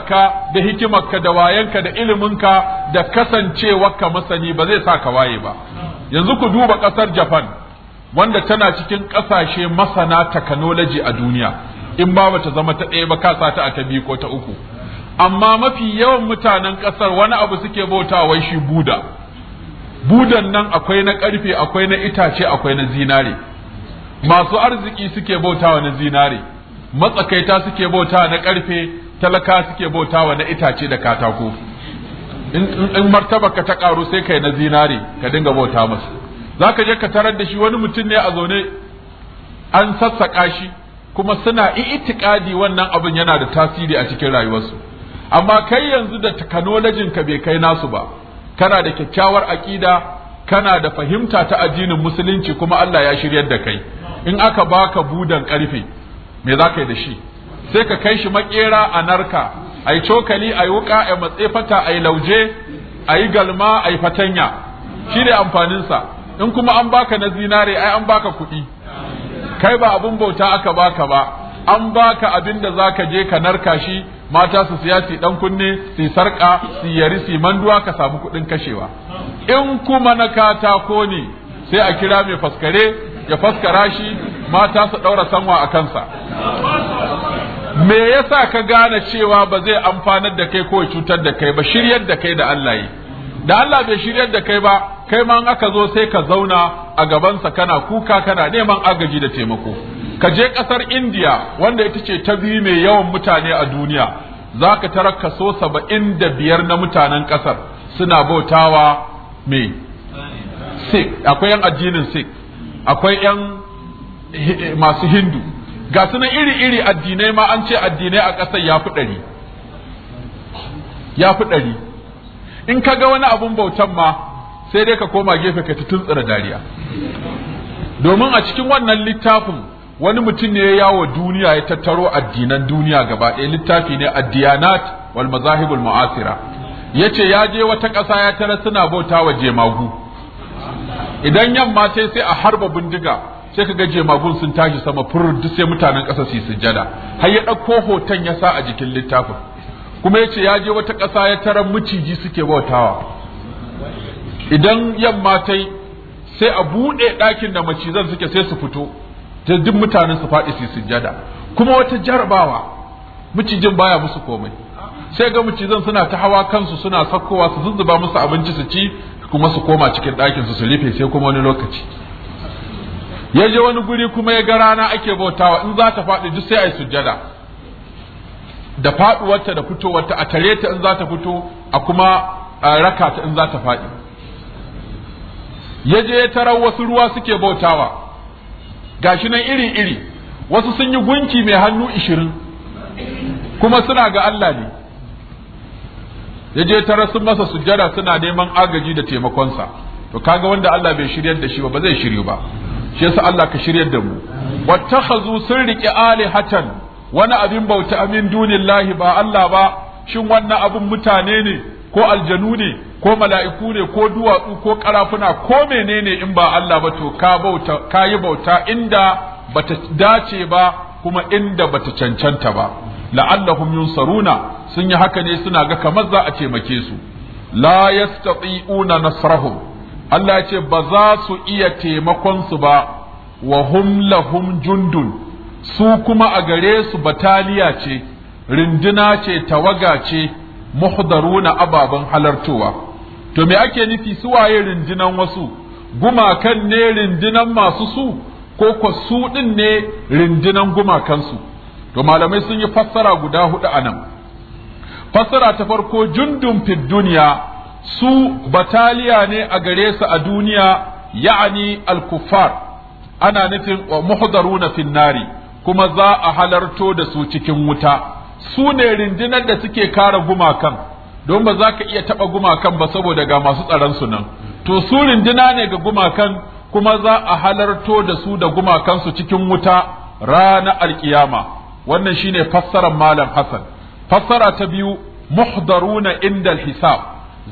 ka da hikimarka da wayanka da iliminka da kasancewarka masani ba zai sa ka waye ba yanzu ku duba ƙasar Japan wanda tana cikin ƙasashe masana technology a duniya in ba bata zama ta ɗaya ba ka sa ta a ta biyu ko ta uku amma mafi yawan mutanen ƙasar wani abu suke bauta wai shi buda budan nan akwai na ƙarfe akwai na itace akwai na zinare masu arziki suke bautawa na zinare matsakaita suke bauta na ƙarfe talaka suke bautawa na itace da katako in martaba ka ta ƙaru sai kai na zinare ka dinga bauta masu za ka je ka tarar da shi wani mutum ne a zaune an sassaƙa shi kuma suna itikadi wannan abin yana da tasiri a cikin rayuwarsu amma kai yanzu da technology ka bai kai nasu ba kana da kyakkyawar aƙida kana da fahimta ta addinin musulunci kuma Allah ya shiryar da kai in aka baka budan ƙarfe, me za ka yi da shi sai ka kai shi makera a narka a yi cokali a yi wuka a matse fata a yi lauje a yi galma a yi fatanya shi ne amfaninsa in kuma an baka na zinare ai an baka kuɗi kai ba abin bauta aka baka ba an baka abin da zaka je ka narka shi mata su siya su dan kunne su sarka su yari su manduwa ka samu kuɗin kashewa in kuma na katako ne sai a kira mai faskare ya faskara shi mata su ɗaura sanwa a kansa me yasa ka gane cewa ba zai amfanar da kai ko cutar da kai ba shiryar da kai da Allah yi da Allah bai shiryar da kai ba kai ma aka zo sai ka zauna a gabansa kana kuka kana neman agaji da taimako ka je ƙasar indiya wanda ita ce ta biyu mai yawan mutane a duniya za ka tara kaso saba'in da biyar na mutanen ƙasar suna bautawa mai sikh akwai yan addinin sikh akwai yan masu hindu ga su na iri-iri addinai ma an ce addinai a ƙasar ya fi ɗari ya fi ɗari in ka ga wani abun bautan ma sai dai ka koma gefe ka tuntsura dariya domin a cikin wannan littafin wani mutum ne ya yawo duniya ya tattaro addinan duniya gaba ɗaya littafi ne addiyanat wal mazahibul mu'asira yace ya je wata ƙasa ya tara suna bauta wa jemagu idan yamma ta sai a harba bindiga sai kaga jemagun sun tashi sama fur duk sai mutanen ƙasa su sujjada har ya ɗauko hoton ya sa a jikin littafin kuma yace ya je wata ƙasa ya tara miciji suke bautawa idan yamma ta yi sai a buɗe ɗakin da macizan suke sai su fito ta duk mutanen su faɗi su yi sujjada kuma wata jarabawa macijin baya musu komai sai ga macizan suna ta hawa kansu suna sakkowa su zuzzuba musu abinci su ci kuma su koma cikin ɗakin su su rufe sai kuma wani lokaci ya je wani guri kuma ya ga rana ake bautawa in za ta faɗi duk sai a yi sujada. da faɗuwarta da fitowarta a tare ta in za ta fito a kuma raka ta in za ta faɗi ya je ya tarar wasu ruwa suke bautawa Ga shi nan iri iri wasu sun yi gunki mai hannu ishirin kuma suna ga Allah ne ya je tarar sun masa sujjada suna neman agaji da taimakonsa to kaga wanda Allah bai shiryar da shi ba ba zai shiryu ba shi yasa Allah ka shiryar da mu wattakhazu sun riƙe alihatan wani abin bauta amin dunillahi ba Allah ba shin wannan abin mutane ne ko aljanu ne ko mala'iku ne ko duwatsu ko karafuna ko menene in ba Allah ba to ka bauta ka yi bauta inda bata dace ba kuma inda bata cancanta ba la'allahum yunsaruna sun yi haka ne suna ga kamar za a taimake su la yastati'una nasrahum Allah ce ba za su iya taimakon su ba wa hum lahum jundun su kuma a gare su bataliya ce rinduna ce tawaga ce muhdaruna ababen halartowa to me ake nufi su waye rindinan wasu gumakan ne rindinan masu su ko ko su din ne rindinan gumakansu to malamai sun yi fassara guda hudu a nan fassara ta farko jundun fi duniya su bataliya ne a gare su a duniya ya'ani al-kuffar ana nufin muhdaruna fin nari kuma za a halarto da su cikin wuta su ne rindinar da suke kara gumakan don ba za ka iya taɓa gumakan ba saboda ga masu su nan to su rindina ne ga gumakan kuma za a halarto da su da gumakansu cikin wuta rana alkiyama wannan shine fassarar malam hassan fassara ta biyu muhdaruna inda hisab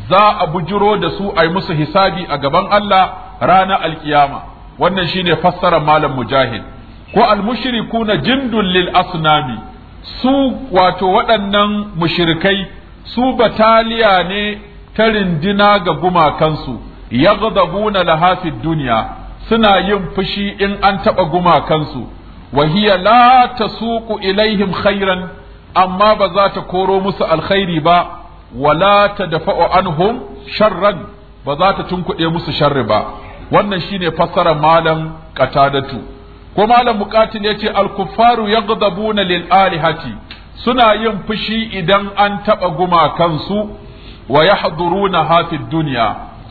za a bujiro da su a musu hisabi a gaban Allah rana alkiyama wannan shine fassarar malam mujahid ko al-mushrikuna jindun lil asnami su wato waɗannan mushirikai su bataliya ne ta rindina ga gumakansu ya na lahafin duniya suna yin fushi in an taɓa gumakansu wahiya la ta suku ilaihim khairan amma ba za ta koro musu alkhairi ba wala ta dafa anhum sharran ba za ta tunkuɗe musu sharri ba wannan shine fassarar malam ƙatadatu. ko malam bukatun yace al-kuffaru yaghdabuna lil alihati suna yin fushi idan an taɓa gumakansu wa yahduruna hafi duniya.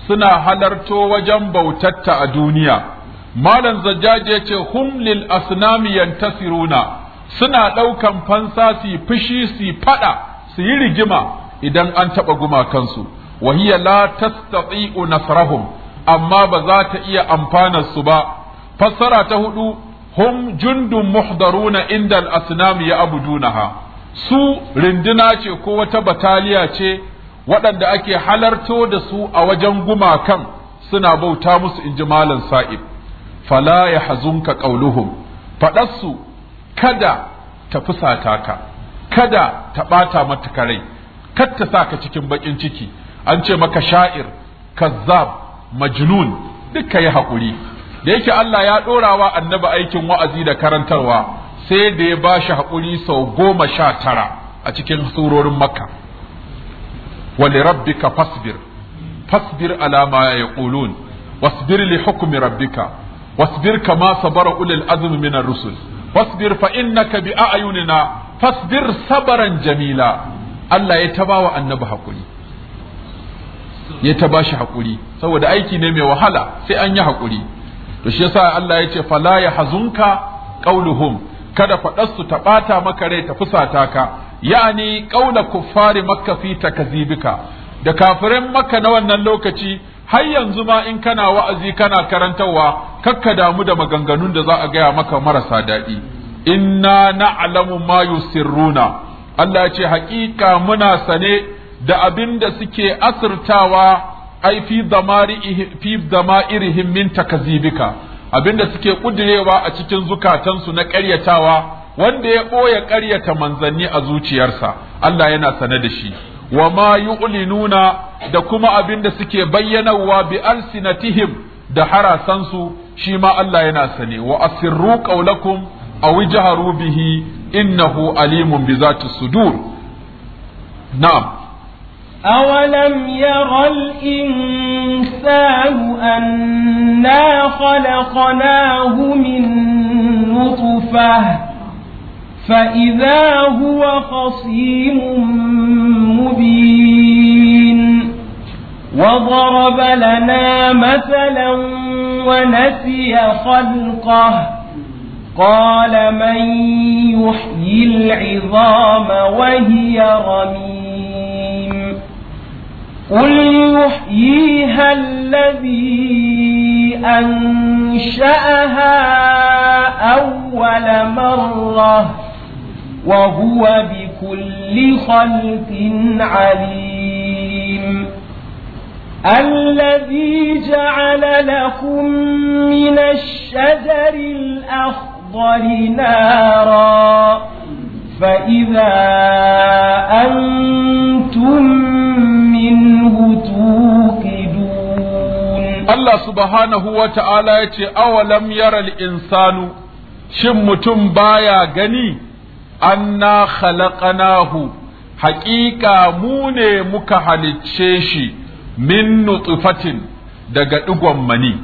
suna halarto wajen bautatta a duniya malam zajjaji yace hum lil asnami yantasiruna suna ɗaukan fansa su fushi su faɗa su yi rigima idan an taɓa gumakansu wa hiya la tastati'u nasrahum amma ba za ta iya amfanar su ba fassara ta hudu hum jundu muhdaruna inda al-asnam ya su rinduna ce ko wata bataliya ce waɗanda ake halarto da su a wajen gumakan suna bauta musu in malam sa'ib fala ya hazunka ƙauluhum faɗarsu kada ta fusata ka kada ta ɓata mata rai kar ta sa ka cikin baƙin ciki an ce maka sha'ir kazzab majnun duk yi haƙuri da yake Allah ya ɗorawa annabi aikin wa'azi da karantarwa sai da ya bashi haƙuri sau goma sha tara a cikin surorin makka wali rabbika fasbir fasbir ala ma yaqulun wasbir li hukmi rabbika wasbir kama sabara ulil azumi min ar-rusul fasbir fa innaka bi a'yunina fasbir sabaran jamila Allah ya tabawa annabi haƙuri ya ta bashi haƙuri saboda aiki ne mai wahala sai an yi haƙuri to shi yasa Allah yace fala ya hazunka qauluhum kada faɗarsu ta ɓata maka rai ta fusata ka yani ƙaula kuffari makka fi takazibika da kafirin makka na wannan lokaci har yanzu ma in kana wa'azi kana karantarwa kakka damu da maganganun da za a gaya maka marasa daɗi inna na'lamu ma yusirruna Allah ya ce haƙiƙa muna sane da abin da suke asirtawa ai fi damari fi damairihim min takazibika abinda suke kudirewa a cikin zukatansu na ƙaryatawa wanda ya ɓoye ƙaryata manzanni a zuciyarsa Allah yana sane da shi wa ma yu'linuna da kuma abinda suke bayyanawa bi alsinatihim da harasansu shi ma Allah yana sane wa asirru qawlakum aw jaharu bihi innahu alimun bi zati sudur na'am أولم يرى الإنسان أنا خلقناه من نطفة فإذا هو خصيم مبين وضرب لنا مثلا ونسي خلقه قال من يحيي العظام وهي رميم قل يحييها الذي أنشأها أول مرة وهو بكل خلق عليم الذي جعل لكم من الشجر الأخضر نارا فإذا أنتم Allah subhanahu wa ta'ala ya ce, awalam yaral insanu, shin mutum baya gani, anna khalaqanahu haƙiƙa mu ne muka halicce shi min nutsufatin daga ɗigon mani.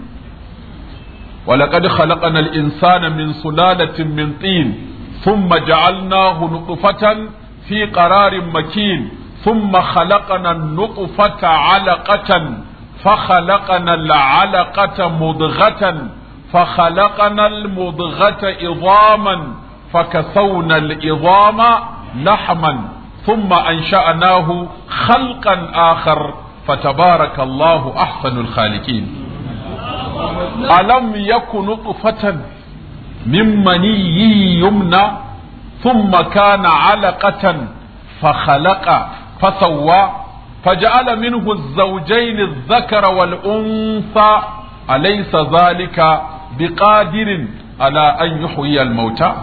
ولقد خلقنا الإنسان من سلالة من طين ثم جعلناه نطفة في قرار مكين ثم خلقنا النطفة علقة فخلقنا العلقة مضغة فخلقنا المضغة عظاما فكسونا العظام لحما ثم أنشأناه خلقا آخر فتبارك الله أحسن الخالقين ألم يكن نطفة من مني يمنى ثم كان علقة فخلق فسوى faja'ala minhu zawjayn adh-dhakara wal unsa alaysa zalika biqadirin ala an yuhyi al-mauta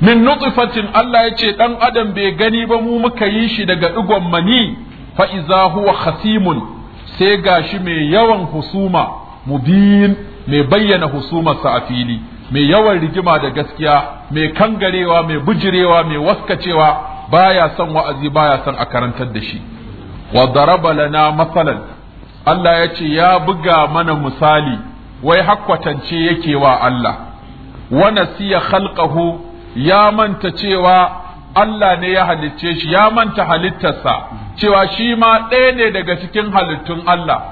min nutfatin Allah yace dan adam bai gani ba mu muka yi shi daga digon mani fa'izahu iza khasimun sai ga shi mai yawan husuma mu mubin mai bayyana husumarsa a fili mai yawan rigima da gaskiya mai kangarewa mai bujirewa mai waskacewa baya son wa'azi baya son a karantar da shi wa daraba lana masalan Allah ya ce ya buga mana misali wai hakwatance yake wa Allah wa nasiya khalqahu ya manta cewa Allah ne ya halicce shi ya manta halittarsa cewa shi ma ɗaya ne daga cikin halittun Allah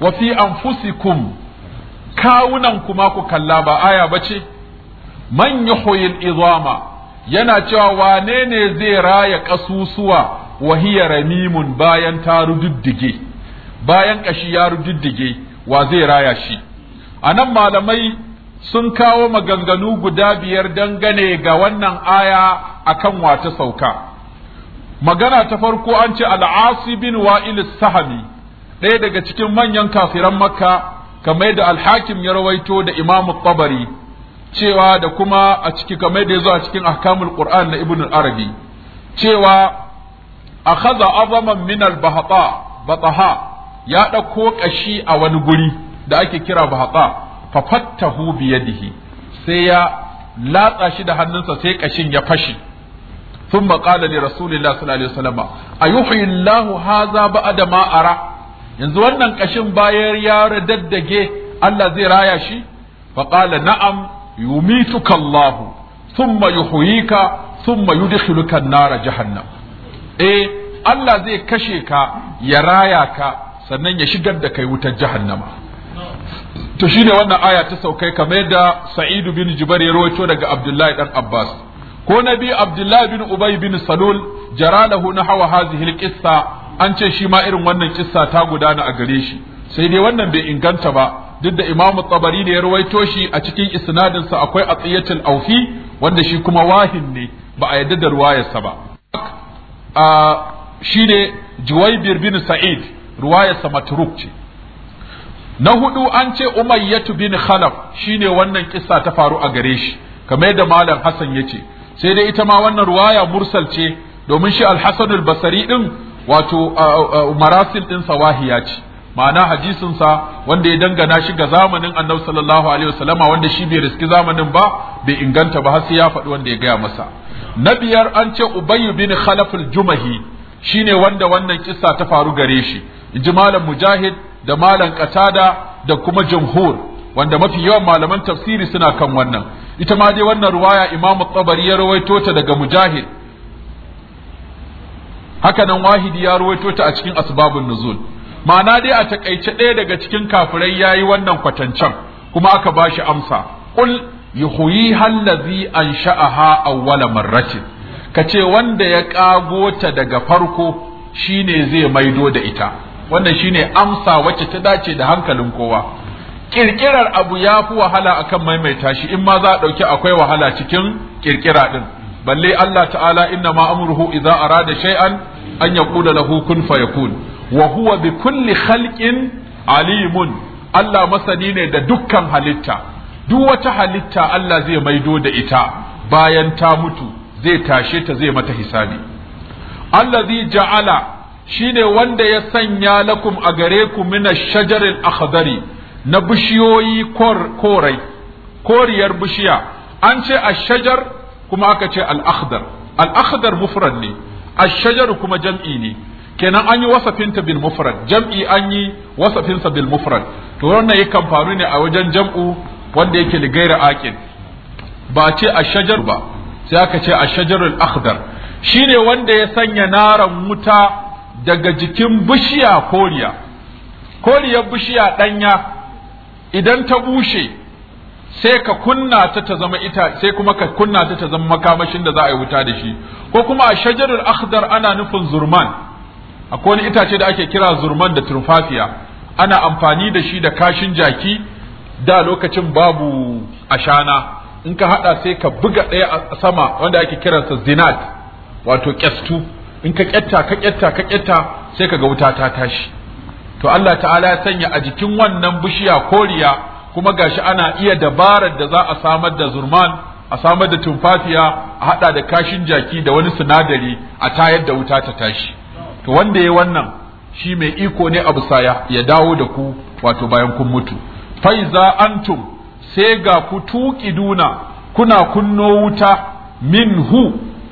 wa fi anfusikum kawunan kuma ku kalla ba aya bace man yuhyil izama yana cewa wane ne zai raya ƙasusuwa wahiya ramimun bayan ta rududdige bayan ƙashi ya rududdige wa zai raya shi a nan malamai sun kawo maganganu guda biyar dangane ga wannan aya akan wata sauka magana ta farko an ce al'asi bin wa'il sahami ɗaya daga cikin manyan kafiran makka kamar da alhakim ya rawaito da imamu tabari cewa da kuma a ciki kamar da yazo a cikin ahkamul qur'an na ibn arabi cewa akhadha azaman min al bahata bataha ya dauko kashi a wani guri da ake kira bahata fa fattahu bi yadihi sai ya latsa shi da hannunsa sai kashin ya fashi thumma qala li rasulillahi sallallahu alaihi wasallam ayuhi allah hadha ba'da ma ara yanzu wannan kashin bayar ya daddage Allah zai raya shi fa qala na'am يميتك الله ثم يحييك ثم يدخلك النار جهنم jahannam eh Allah zai kashe ka ya raya ka sannan ya shigar da kai wutar jahannama to shine wannan aya ta saukai kamar da Sa'idu bin Jubair ya rawaito daga Abdullahi dan Abbas ko nabi Abdullahi bin Ubay bin Salul jaralahu na hawa al-qissa an ce shi ma irin wannan kissa ta gudana a gare shi sai dai wannan bai inganta ba duk da imamu tabari da ya ruwaito shi a cikin isnadinsa akwai atiyatul aufi wanda shi kuma wahin ne ba a yadda da ruwayarsa ba a shi ne juwaibir bin sa'id ruwayarsa matruk ce na hudu an ce umayyatu bin khalaf shine wannan kissa ta faru a gare shi kamar yadda malam hasan ya ce sai dai ita ma wannan ruwaya mursal ce domin shi al-hasan al-basri din wato marasil din sawahiya ce ma'ana hadisin sa wanda ya dangana shi ga zamanin annabi sallallahu alaihi wasallama wanda shi bai riski zamanin ba bai inganta ba har sai ya faɗi wanda ya gaya masa na biyar an ce ubayyu bin khalaf al-jumahi shine wanda wannan kissa ta faru gare shi inji malam mujahid da malam qatada da kuma jumhur wanda mafi yawan malaman tafsiri suna kan wannan ita ma dai wannan ruwaya imamu tabari ya rawaito ta daga mujahid haka nan wahidi ya rawaito ta a cikin asbabun nuzul ma'ana dai a takaice ɗaya daga cikin kafirai yi wannan kwatancan kuma aka bashi amsa qul yuhyiha allazi ansha'aha awwala marratin kace wanda ya kago ta daga farko shine zai maido da ita wannan shine amsa wacce ta dace da hankalin kowa kirkirar abu ya fi wahala akan maimaita shi in ma za a ɗauki akwai wahala cikin kirkira ɗin balle Allah ta'ala inna ma amruhu idza arada shay'an an yaqula lahu kun fayakun Wahuwa huwa bi kulli khalqin Allah masani ne da dukkan halitta duk wata halitta Allah zai maido da ita bayan ta mutu zai tashe ta zai mata hisabi allazi ja'ala shine wanda ya sanya lakum a gare ku min ash-shajaril akhdari na bishiyoyi korai koriyar bishiya an ce ash-shajar kuma aka ce al-akhdar al-akhdar mufrad ne ash-shajar kuma jam'i ne kenan an yi wasafinta bil mufrad jam'i an yi wasafinsa bil mufrad to wannan yakan faru ne a wajen jam'u wanda yake ligaira aqil ba ce ashajar ba sai aka ce ashajarul akhdar shine wanda ya sanya naran wuta daga jikin bishiya koriya koriyar bishiya danya idan ta bushe sai ka kunna ta ta zama ita sai kuma ka kunna ta ta zama makamashin da za a yi wuta da shi ko kuma a shajarul akhdar ana nufin zurman akwai wani itace da ake kira zurman da turfafiya ana amfani da shi da kashin jaki da lokacin babu ashana in ka hada sai ka buga ɗaya a sama wanda ake kiransa zinat wato kyastu in ka kyatta ka kyatta ka kyatta sai ka ga wuta ta tashi to Allah ta'ala ya sanya a jikin wannan bishiya koriya kuma gashi ana iya dabarar da za a samar da zurman a samar da tumfafiya a hada da kashin jaki da wani sinadari a tayar da wuta ta tashi to wanda ya wannan shi mai iko ne abu saya ya dawo da ku wato bayan kun mutu faiza antum sai ga ku tuki duna kuna kunno wuta minhu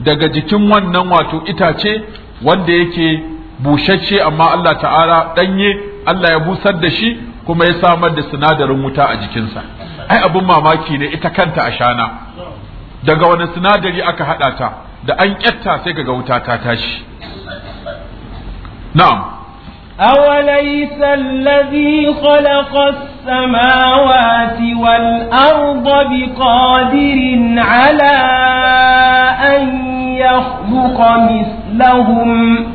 daga jikin wannan wato itace wanda yake bushacce amma Allah ta'ala danye Allah ya busar da shi kuma ya samar da sinadarin wuta a jikinsa ai abin mamaki ne ita kanta a ashana daga wani sinadari aka haɗa ta da an ƙyatta sai kaga wuta ta tashi نعم أوليس الذي خلق السماوات والأرض بقادر على أن يخلق مثلهم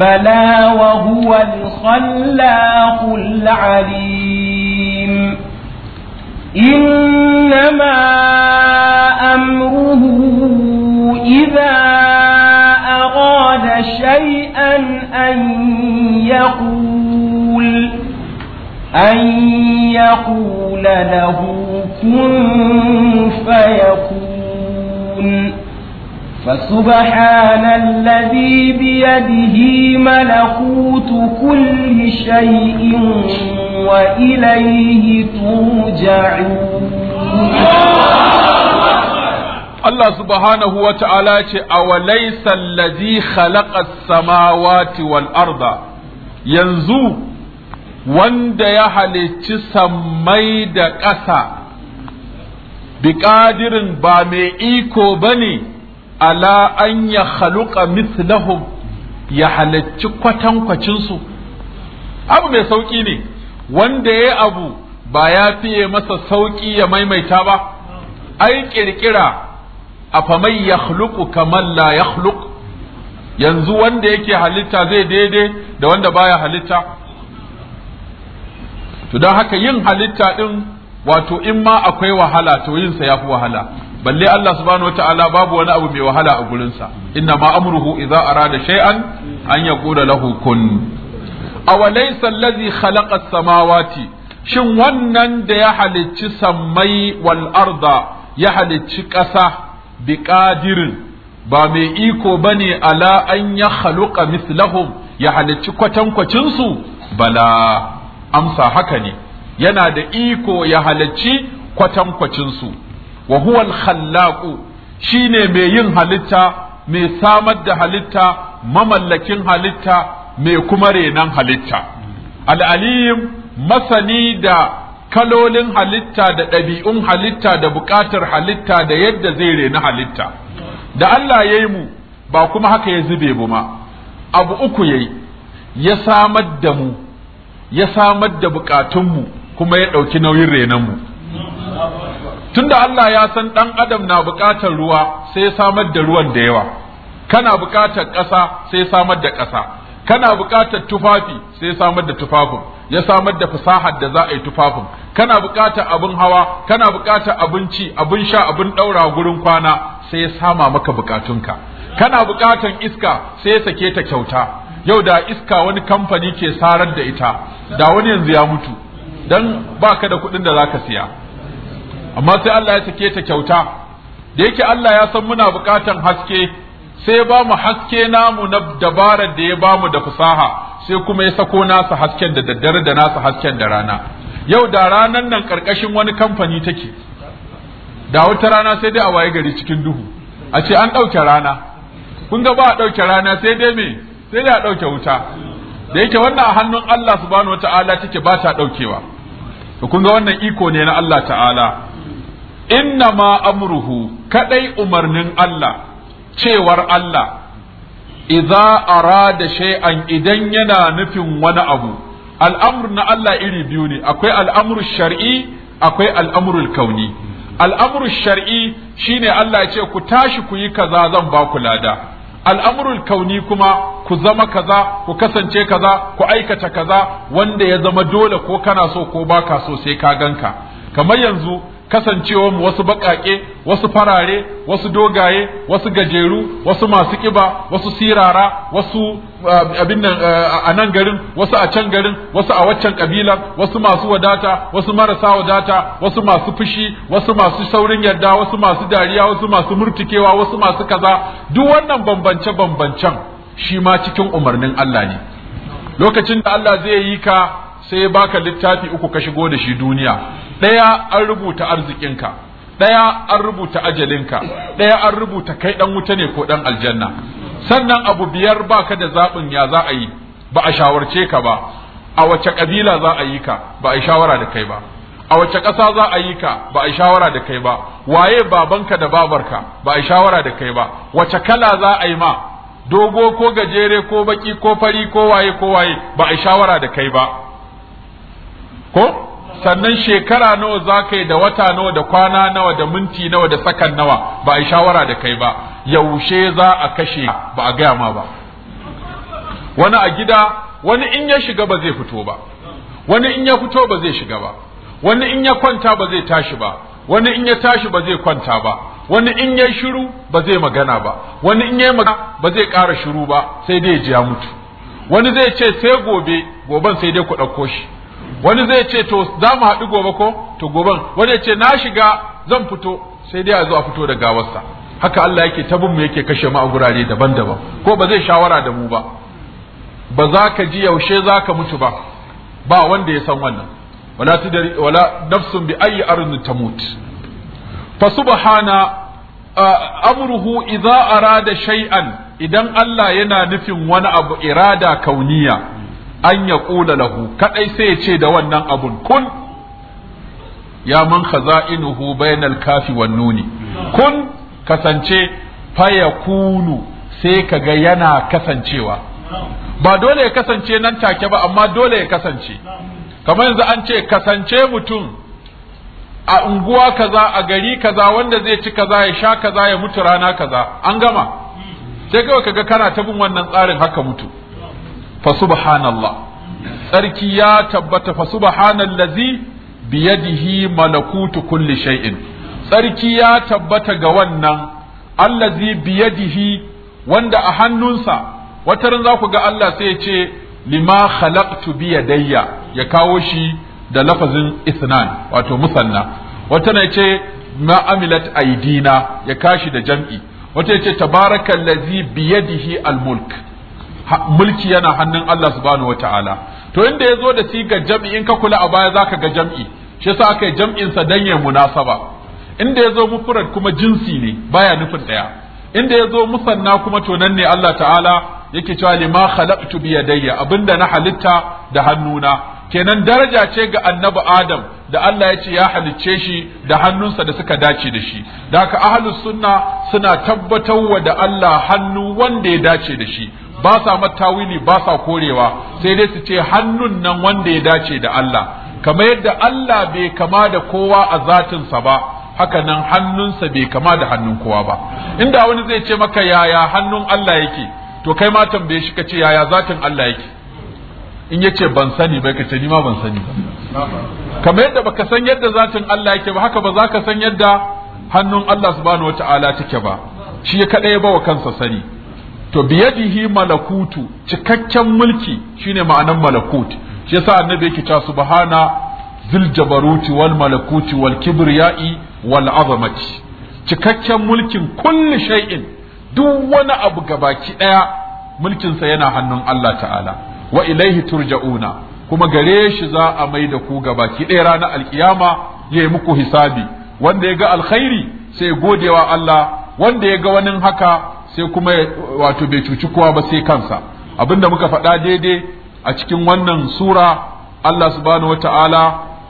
بلى وهو الخلاق العليم إنما أمره إذا شيئا أن يقول أن يقول له كن فيكون فسبحان الذي بيده ملكوت كل شيء وإليه ترجعون Allah subhanahu wa ta'ala ce, Awalaysa halaƙa khalaqa samawati wal arda yanzu wanda ya halicci sammai da ƙasa, biƙadirin ba mai iko ba ne, ala an ya haluƙa mislahum ya halicci kwatankwacinsu. Abu mai sauƙi ne, wanda ya abu ba ya fiye masa sauƙi ya maimaita ba, ai ƙirƙira. afaman yakhluqu kaman la yakhluq yanzu wanda yake halitta zai daidai da wanda baya halitta to don haka yin halitta din wato in ma akwai wahala to yinsa ya fi wahala balle Allah subhanahu wataala babu wani abu mai wahala a gurin sa inna ma amruhu idza arada shay'an an yaqula lahu kun awalaysa sallazi khalaqa as-samawati shin wannan da ya halicci sammai wal arda ya halicci ƙasa biqadirin ba mai iko bane ala an ya khaluqa mislahum ya halicci kwatankwacin su bala amsa haka ne yana da iko ya halicci kwatankwacin su wa huwa al shine mai yin halitta mai samar da halitta mamallakin halitta mai kuma renan halitta al-alim masani da kalolin halitta da ɗabi'un halitta da buƙatar halitta da yadda zai reni halitta da Allah ya yi mu ba kuma haka ya zube mu ma abu uku ya yi ya samar da mu ya samar da buƙatunmu kuma ya ɗauki nauyin renonmu tunda Allah ya san ɗan adam na buƙatar ruwa sai ya samar da ruwan da yawa kana buƙatar ƙasa sai ya samar da ƙasa kana buƙatar tufafi sai ya samar da tufafin ya samar da fasahar da za a yi tufafin kana buƙatar abin hawa kana buƙatar abinci abin sha abin ɗaura gurin kwana sai ya sama maka buƙatunka kana buƙatar iska sai ya sake ta kyauta yau da iska wani kamfani ke sarar da ita da wani yanzu ya mutu dan baka da kuɗin da zaka siya amma sai Allah ya sake ta kyauta da yake Allah ya san muna buƙatar haske sai ya ba mu haske namu na dabarar da ya ba mu da fasaha sai kuma ya sako nasa hasken da daddare da nasa hasken da rana yau da ranan nan karkashin wani kamfani take da wata rana sai dai a waye gari cikin duhu a ce an ɗauke rana kun ga ba a ɗauke rana sai dai me sai dai a ɗauke wuta da yake wannan a hannun Allah subhanahu wata'ala take ba ta ɗaukewa to kun ga wannan iko ne na Allah ta'ala inna ma amruhu kadai umarnin Allah cewar Allah idza arada shay'an idan yana nufin wani abu al'amur na Allah iri biyu ne akwai al'amur shar'i akwai al'amur kauni al'amur shar'i shine Allah ya ce ku tashi ku yi kaza zan ba ku lada al'amur kauni kuma ku zama kaza ku kasance kaza ku aikata kaza wanda ya zama dole ko kana so ko baka so sai ka ganka kamar yanzu kasancewar wasu baƙaƙe wasu farare wasu dogaye wasu gajeru wasu masu ƙiba wasu sirara wasu eh, abin nan eh, a nan garin wasu a can garin wasu a waccan kabila wasu masu wadata wasu marasa wadata wasu masu fushi wasu masu saurin yarda wasu masu dariya wasu masu murtikewa wasu masu kaza duk wannan bambance bambancen shi ma cikin umarnin Allah ne lokacin da Allah zai yi ka sai baka littafi uku ka shigo da shi duniya ɗaya an rubuta arzikinka ɗaya an rubuta ajalinka ɗaya an rubuta kai ɗan wuta ne ko ɗan aljanna sannan abu biyar baka da zaɓin ya za a yi ba a shawarce ka ba a wace ƙabila za a yi ka ba a yi shawara da kai ba a wace ƙasa za a yi ka ba a yi shawara da kai ba waye babanka da babarka ba a yi shawara da kai ba wace kala za a yi ma dogo ko gajere ko baki ko fari ko waye ko waye ba a yi shawara da kai ba ko sannan shekara nawa za ka da wata nawa da kwana nawa da minti nawa da sakan nawa ba a yi shawara da kai ba yaushe za a kashe ba a gaya ma ba wani a gida wani in ya shiga ba zai fito ba wani in ya fito ba zai shiga ba wani in ya kwanta ba zai tashi ba wani in ya tashi ba zai kwanta ba wani in ya shiru ba zai magana ba wani in ya magana ba zai ƙara shiru ba sai dai ya ji ya mutu wani zai ce sai gobe goben sai dai ku ɗauko shi wani zai ce to za mu haɗu gobe ko to goben wani ya ce na shiga zan fito sai dai a zo a fito da gawarsa haka Allah yake tabin mu yake kashe mu a gurare daban-daban ko ba zai shawara da mu ba ba za ka ji yaushe za ka mutu ba ba wanda ya san wannan wala tudari wala nafsun bi ayi ardin tamut fa subhana amruhu idza arada shay'an idan Allah yana nufin wani abu irada kauniya an ya kula lahu kaɗai sai ya ce da wannan abun kun ya man khaza'inuhu bainal kafi wan nuni kun kasance fayakunu sai kaga yana kasancewa ba dole ya kasance nan take ba amma dole ya kasance kamar yanzu an ce kasance mutum a unguwa kaza a gari kaza wanda zai ci kaza ya sha kaza ya mutu rana kaza an gama sai kawai kaga kana ta bin wannan tsarin haka mutu fa tsarki ya tabbata fa lazi biyadihi malakutu kulli shay'in tsarki ya tabbata ga wannan allazi biyadihi wanda a hannunsa wata ran za ku ga Allah sai ya ce lima khalaqtu biyadayya ya kawo shi da lafazin isnan wato musanna wata ne ce ma amilat aidina ya kashi da jam'i wata ce tabarakallazi biyadihi almulk mulki yana hannun Allah subhanahu wataala to inda yazo da sigar jam'i in ka kula a baya zaka ga jam'i shi yasa aka yi jam'in sa dan ya munasaba inda yazo mufrad kuma jinsi ne baya nufin daya inda yazo musanna kuma to nan ne Allah ta'ala yake cewa lima khalaqtu bi yadayya abinda na halitta da hannuna kenan daraja ce ga annabi Adam da Allah ya ce ya halicce shi da hannunsa da suka dace da shi da haka ahlus sunna suna tabbatar wa da Allah hannu wanda ya dace da shi ba sa matawili ba sa korewa sai dai su ce hannun nan wanda ya dace da Allah kamar yadda Allah bai kama da kowa a zatinsa ba haka nan hannunsa bai kama da hannun kowa ba inda wani zai ce maka yaya hannun Allah yake to kai ma tambaye shi kace yaya zatin Allah yake in yace ban sani ba kace ni ma ban sani ba kamar yadda baka san yadda zatin Allah yake ba haka ba za ka san yadda hannun Allah subhanahu wataala take ba shi ya kada ya bawa kansa sani to biyadihi malakutu cikakken mulki shine ma'anan malakut shi yasa annabi yake cewa subhana zil jabaruti wal malakuti wal kibriyai wal azamati cikakken mulkin kulli shay'in duk wani abu gabaki daya sa yana hannun Allah ta'ala wa ilaihi turja'una kuma gare shi za a mai da ku gabaki ɗaya ranar alkiyama ya yi muku hisabi wanda ya ga alkhairi sai godewa Allah wanda ya ga wani haka sai kuma wato bai cuci kowa ba sai kansa abinda muka faɗa daidai a cikin wannan sura Allah subhanahu wata'ala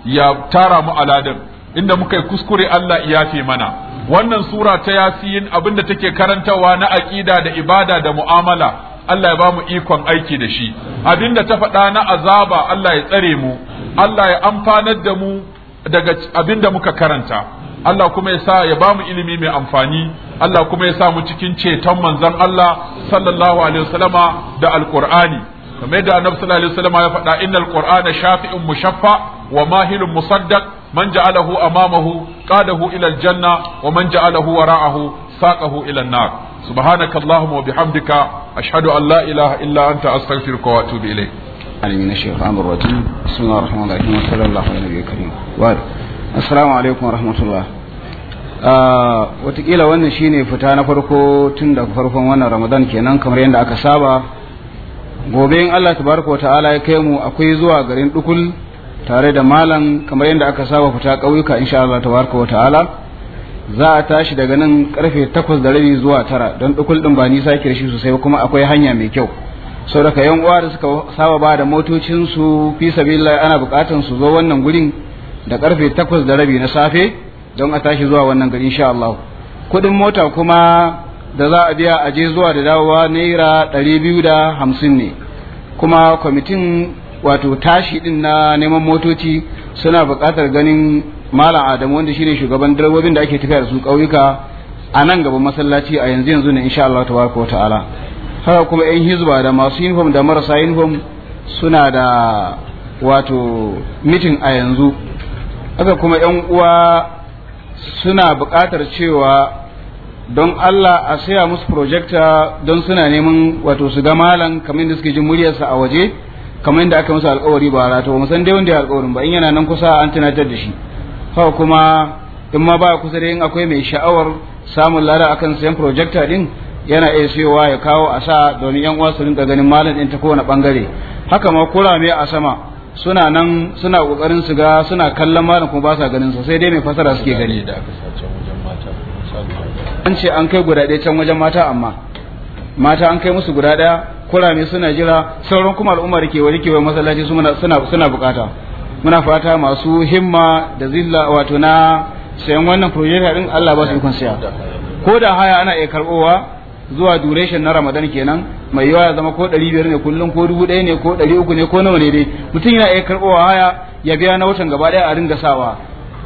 ya tara mu aladin inda muka yi kuskure Allah ya fi mana wannan sura ta yasin abinda take karantawa na aƙida da ibada da mu'amala Allah ya ba mu ikon aiki da shi abinda ta faɗa na azaba Allah ya tsare mu Allah ya amfanar da mu daga abinda muka karanta Allah kuma ya sa ya ba mu ilimi mai amfani Allah kuma ya sa mu cikin ceton manzon Allah sallallahu alaihi wasallama da alqur'ani kamar da annabi sallallahu alaihi wasallama ya faɗa innal qur'ana shafi'un mushaffa wa mahilun musaddaq man ja'alahu amamahu qadahu ila aljanna wa man ja'alahu wara'ahu saqahu ila an-nar subhanakallahumma wa bihamdika ashhadu an la ilaha illa anta astaghfiruka wa atubu ilayk من الشيطان الرجيم بسم الله الرحمن الرحيم وصلى الله على النبي الكريم السلام عليكم ورحمة الله Ah, watakila wannan shine fita na farko tun da farkon wannan ramadan kenan kamar yadda aka saba gobe in Allah tabaraka wa ta'ala ya kai mu akwai zuwa garin dukul tare da malam kamar yadda aka saba fita ƙauyuka insha Allah tabaraka wa ta'ala za a tashi daga nan karfe takwas da rabi zuwa tara don dukul ɗin ba nisa yake shi sosai kuma akwai hanya mai kyau sau daga yan uwa da suka saba ba da motocinsu fi sabilillah ana bukatan su zo wannan gurin da karfe takwas da rabi na safe don a tashi zuwa wannan gari insha Allah kudin mota kuma da za a biya a je zuwa da dawowa naira ɗari biyu da hamsin ne kuma kwamitin wato tashi din na neman motoci suna buƙatar ganin malam adamu wanda shine shugaban direbobin da ake tafiya da su kauyuka. a nan gaban masallaci a yanzu yanzu ne insha Allah tabaraka wa ta'ala haka kuma yan hizba da masu uniform da marasa uniform suna da wato mitin a yanzu haka kuma yan uwa suna buƙatar cewa don Allah a saya musu projector don suna neman wato su ga malam kamar da suke jin muryarsa a waje kamar yadda aka musu alƙawari ba rata ba musan dai wanda ya alƙawarin ba in yana nan kusa an tunatar da shi haka kuma in ma ba kusa da yin akwai mai sha'awar samun lada akan sayan projector din yana iya siyowa ya kawo a sa domin yan uwa su rinka ganin malam din ta kowane bangare haka ma kurame a sama suna nan suna kokarin su ga suna kallon malam kuma ba sa ganin su sai dai mai fasara suke gani an ce an kai guda ɗaya can wajen mata amma mata an kai musu guda ɗaya kurame suna jira sauran kuma al'ummar ke wani kewayen masallaci suna bukata muna fata masu himma da zilla wato na sayan wannan project din Allah ba su ikon siya ko da haya ana iya karbowa zuwa duration na ramadan kenan mai yawa ya zama ko ɗari biyar ne kullum ko dubu ɗaya ne ko ɗari uku ne ko nawa ne dai mutum yana iya karɓowa haya ya biya na watan gaba ɗaya a ringa sawa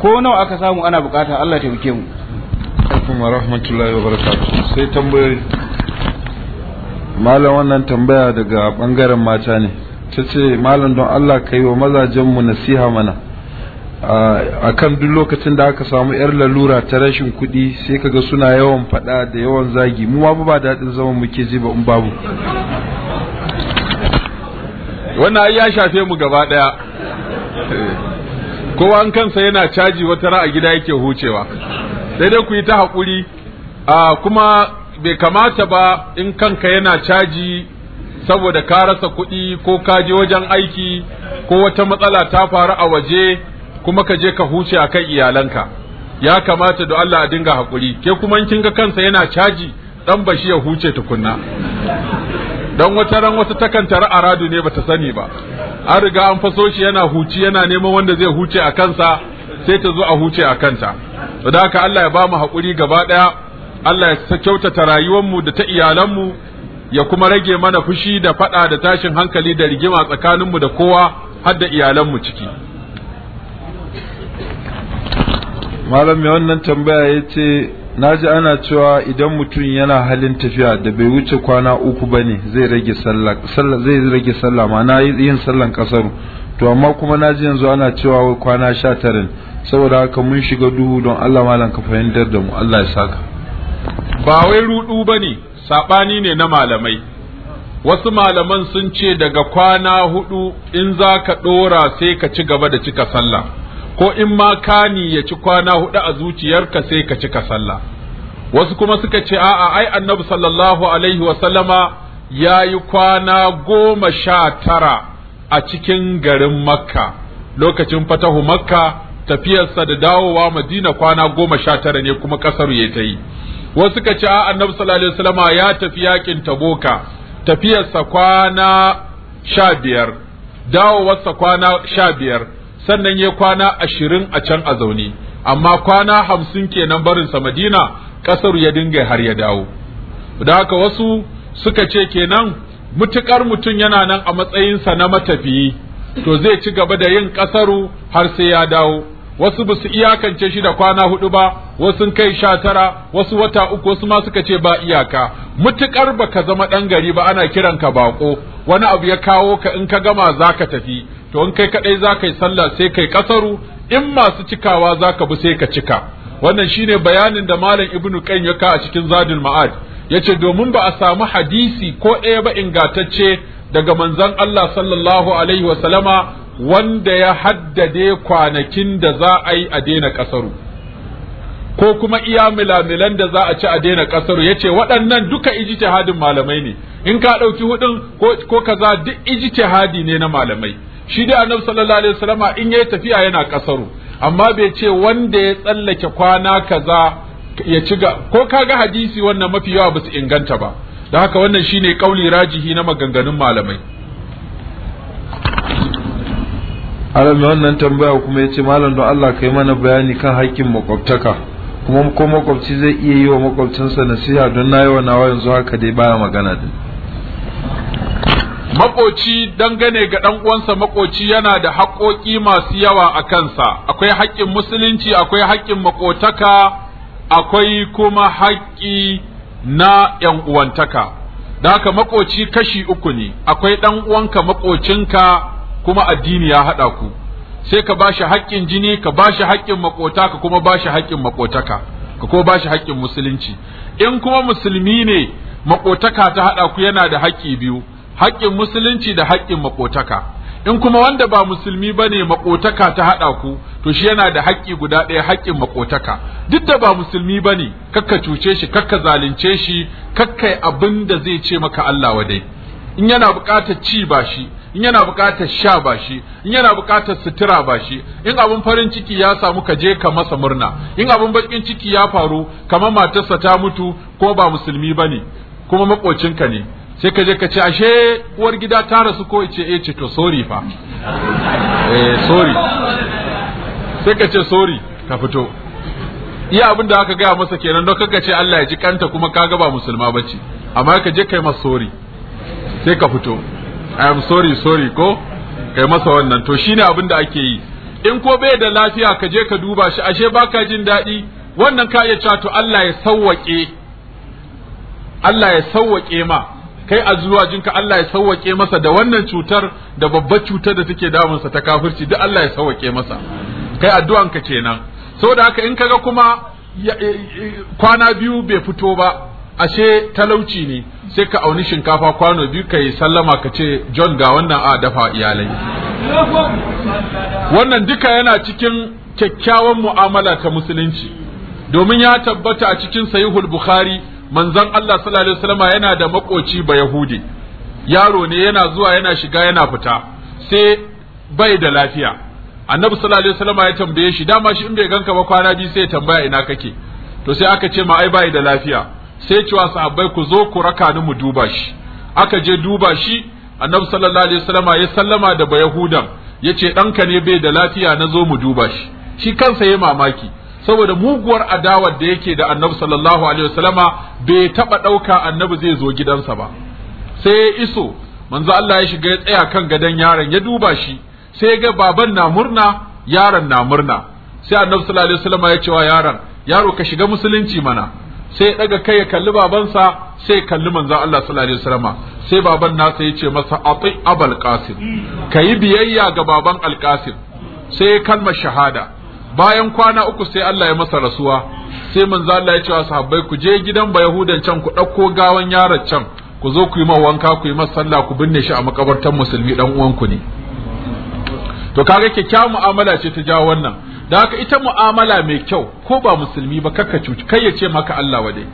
ko nawa aka samu ana bukata Allah ta buke mu alaikum wa wabarakatuh sai tambayoyi malam wannan tambaya daga bangaren mata ne ta ce malam don Allah ka yi wa mazajenmu nasiha mana a kan duk lokacin da aka samu yar lalura ta rashin kuɗi sai kaga suna yawan faɗa da yawan zagi mu ma ba daɗin zaman muke ji ba in babu wannan ai ya shafe mu gaba ɗaya eh. kowa an kansa yana caji wata ra'a gida yake hucewa Daidai ku yi ta haƙuri kuma bai kamata ba in kanka yana caji saboda ka rasa kuɗi ko ka je wajen aiki ko wata matsala ta faru a waje kuma ka je ka huce a kan iyalanka ya kamata da Allah a dinga hakuri ke kuma kin ga kansa yana caji dan bashi ya huce tukunna dan wata ran wata takan tara aradu ne bata sani ba an riga an faso shi yana huci yana neman wanda zai huce a kansa sai ta zo a huce a kanta to haka Allah ya ba mu hakuri gaba daya Allah ya kyautata rayuwar mu da ta iyalan mu ya kuma rage mana fushi da fada da tashin hankali da rigima tsakaninmu da kowa har da iyalan mu ciki malam mai wannan tambaya ya ce na ji ana cewa idan mutum yana halin tafiya da bai wuce kwana uku ba ne zai rage sallah ma na yin sallan kasar to amma kuma na ji yanzu ana cewa kwana sha tarin saboda haka mun shiga duhu don allah malam ka fahimtar da mu allah ya saka ba wai rudu ba ne saɓani ne na malamai wasu malaman sun ce daga kwana hudu in za ka ɗora sai ka ci gaba da cika sallah ko in ma kani ya ci kwana hudu a zuciyarka sai ka ci ka salla. wasu kuma suka ce a'a ai annabi sallallahu alaihi wa sallama ya yi kwana goma sha tara a cikin garin makka lokacin fatahu makka tafiyarsa da dawowa madina kwana goma sha tara ne kuma kasar ya ta yi wasu suka ce a'a annabi sallallahu alaihi wa sallama ya tafi yakin taboka tafiyarsa kwana sha biyar dawowarsa kwana sha biyar sannan ya kwana ashirin a can a zaune amma kwana hamsin kenan barinsa madina ƙasar ya dinga har ya dawo da haka wasu suka ce kenan mutuƙar mutum yana nan a matsayinsa na matafiyi to zai ci gaba da yin ƙasaru har sai ya dawo wasu ba su iyakance shi da kwana hudu ba wasu kai sha tara wasu wata uku wasu ma suka ce ba iyaka mutuƙar ba ka zama ɗan gari ba ana kiranka baƙo wani abu ya kawo ka in ka gama za ka tafi to in kai kadai za ka yi sallah sai kai kasaru in masu cikawa za ka bi sai ka cika wannan shine bayanin da malam ibnu qayyim ya a cikin Zadin ma'ad yace domin ba a samu hadisi ko ɗaya ba ingantacce daga manzon Allah sallallahu alaihi wa sallama wanda ya haddade kwanakin da za a yi a daina kasaru ko kuma iya milamilan da za a ci a daina kasaru yace waɗannan duka ijtihadin malamai ne in ka ɗauki hudun ko kaza duk ijtihadi ne na malamai shi dai annabi sallallahu alaihi wasallama in yayi tafiya yana kasaru amma bai ce wanda ya tsallake kwana kaza ya ci ga ko kaga hadisi wannan mafi yawa ba su inganta ba da haka wannan shine kauli rajihi na maganganun malamai alami wannan tambaya kuma ya ce malam don Allah kai mana bayani kan haƙƙin makwabtaka kuma ko makwabci zai iya yi wa makwabcinsa nasiha don na yi wa nawa yanzu haka dai baya magana din makoci dangane ga ɗan uwansa makoci yana da haƙoƙi masu yawa a kansa akwai haƙƙin musulunci akwai haƙƙin makotaka akwai kuma haƙƙi na ‘yan uwantaka da haka makoci kashi uku ne akwai ɗan uwanka makocinka kuma addini ya haɗa ku sai ka bashi haƙƙin jini ka bashi haƙƙin makota ka kuma bashi haƙƙin makotaka ka kuma bashi haƙƙin musulunci in kuma musulmi ne maƙotaka ta haɗa ku yana da haƙƙi biyu haƙƙin musulunci da haƙƙin makotaka in kuma wanda ba musulmi ba ne makotaka ta haɗa ku to shi yana da haƙƙi guda ɗaya haƙƙin makotaka duk da ba musulmi ba ne kakka cuce shi kakka zalunce shi kakka abin da zai ce maka Allah wa dai in yana buƙatar ci ba shi in yana buƙatar sha ba shi in yana buƙatar sutura ba shi in abin farin ciki ya samu ka je ka masa murna in abin baƙin ciki ya faru kamar matarsa ta mutu ko ba musulmi bane ne kuma maƙocinka ne sai ka je ka ce ashe uwar gida ta rasu ko ce e eh, ce to sorry fa eh sorry sai ka ce sorry ka fito iya abin da aka gaya masa kenan don kaka ce Allah ya ji kanta kuma kaga ba musulma bace amma ka je kai masa sorry sai ka fito i am sorry sorry ko kai masa wannan to shine abin da ake yi in ko bai da lafiya ka je ka duba shi ashe baka jin daɗi wannan ka iya cewa to Allah ya sawwake Allah ya sawwake ma kai jinka Allah ya sauwake masa da wannan cutar da babbar cutar da take damunsa ta kafirci duk Allah ya sauwake masa kai addu'an ka kenan saboda haka in kaga kuma kwana biyu bai fito ba ashe talauci ne sai ka auni shinkafa kwano biyu ka sallama ka ce John ga wannan a dafa iyalai wannan duka yana cikin kyakkyawan mu'amala ta musulunci domin ya tabbata a cikin sahihul bukhari manzon Allah sallallahu alaihi wasallam yana da makoci ba yahudi yaro ne yana zuwa yana shiga yana fita sai bai da lafiya annabi sallallahu alaihi wasallam ya tambaye shi dama shi in bai ganka ba kwana biyu sai ya tambaya ina kake to sai aka ce ma ai bai da lafiya sai cewa sahabbai ku zo ku raka ni mu duba shi aka je duba shi annabi sallallahu alaihi wasallam ya sallama da bayahudan yace ɗanka ne bai da lafiya na zo mu duba shi shi kansa ya mamaki saboda muguwar adawar da yake da annabi sallallahu alaihi wasallama bai taba dauka annabi zai zo gidansa ba sai ya iso manzo Allah ya shiga ya tsaya kan gadon yaron ya duba shi sai ya ga baban na murna yaron na murna sai annabi sallallahu alaihi wasallama ya ce wa yaron yaro ka shiga musulunci mana sai ya daga kai ya kalli babansa sai ya kalli manzo Allah sallallahu alaihi wasallama sai baban nasa ya ce masa ati abul qasim kayi biyayya ga baban alqasim sai kalma shahada bayan kwana uku sai Allah ya masa rasuwa sai manzo Allah ya ce wa sahabbai ku je gidan ba yahudan can ku ɗauko gawan yaron can ku zo ku yi wanka ku yi masa sallah ku binne shi a makabartar musulmi dan uwanku ne to kaga kyakkyawar mu'amala ce ta jawo wannan da haka ita mu'amala mai kyau ko ba musulmi ba kakka cuci kai ya ce maka Allah wa dai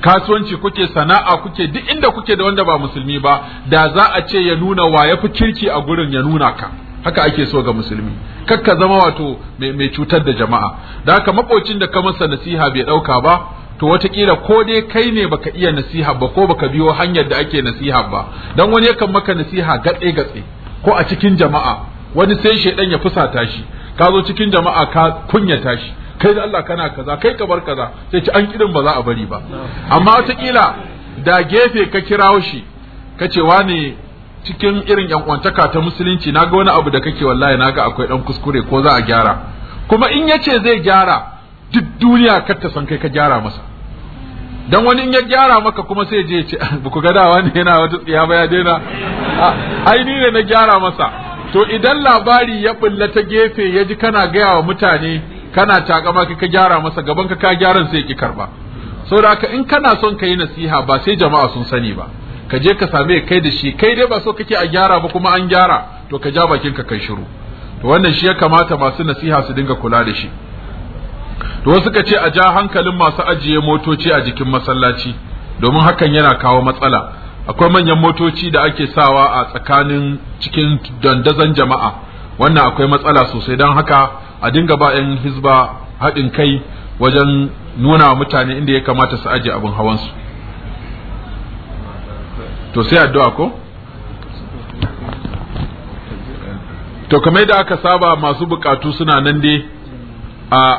kasuwanci kuke sana'a kuke duk inda kuke da wanda ba musulmi ba da za a ce ya nuna wa ya fi kirki a gurin ya nuna ka haka ake so ga musulmi kakka zama wato mai cutar da jama'a da haka makocin da ka masa nasiha bai ɗauka ba to watakila ko dai kai ne baka iya nasiha ba ko baka biyo hanyar da ake nasiha ba dan wani yakan maka nasiha gatse gatse ko a cikin jama'a wani sai shedan ya fusata shi ka zo cikin jama'a ka kunyata shi kai da Allah kana kaza kai ka bar kaza sai ci an kidin ba za a bari ba amma watakila da gefe ka kirawo shi ka ce cikin irin yankwantaka ta musulunci na ga wani abu da kake wallahi naga akwai dan kuskure ko za a gyara kuma in yace zai gyara duk duniya kar ta san kai ka gyara masa dan wani in ya gyara maka kuma sai je ya ce ah, ba ku gadawa ne yana wata tsiya ba ya daina ah, ai ni ne na gyara masa to idan labari ya bulla ta gefe ya ji kana gaya wa mutane kana takama kai ka gyara masa gaban ka ka gyaran sai ki karba saboda haka in kana son ka yi nasiha ba sai jama'a sun sani ba ka je ka same kai da shi kai dai ba so kake a gyara ba kuma an gyara to ka ja bakin ka kai shiru to wannan shi ya kamata masu nasiha su dinga kula da shi to wasu ka ce a ja hankalin masu ajiye motoci a jikin masallaci domin hakan yana kawo matsala akwai manyan motoci da ake sawa a tsakanin cikin dandazon jama'a wannan akwai matsala sosai don haka a dinga ba 'yan hizba haɗin kai wajen nuna mutane inda ya kamata su ajiye abin su. to sai addu'a ko to kamar da aka saba masu bukatu suna nan dai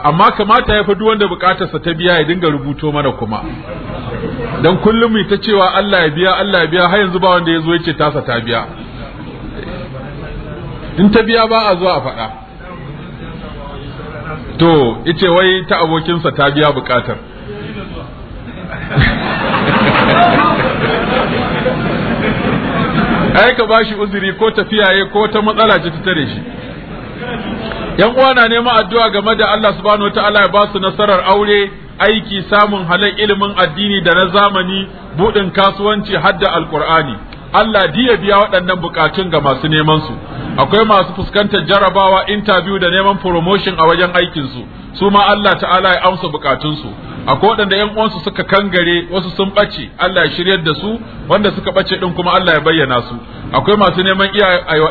amma kamata ya fi duk wanda bukatarsa ta biya ya dinga rubuto mana kuma dan kullum mu ta cewa Allah ya biya Allah ya biya har yanzu ba wanda ya zo yake tasa ta biya in ta biya ba a zuwa a faɗa to yace wai ta abokinsa ta biya bukatar ai ka bashi uzuri ko tafiya ko ta matsala ce ta tare shi yan uwa na neman addu'a game da Allah subhanahu wataala ya ba su nasarar aure aiki samun halal ilimin addini da na zamani budin kasuwanci hadda alqur'ani Allah diya biya waɗannan bukatun ga masu neman su akwai masu fuskantar jarabawa interview da neman promotion a wajen aikinsu su ma Allah ta'ala ya amsa bukatunsu akwai waɗanda ƴan uwansu suka kangare wasu sun ɓace Allah ya shiryar da su wanda suka ɓace ɗin kuma Allah ya bayyana su akwai masu neman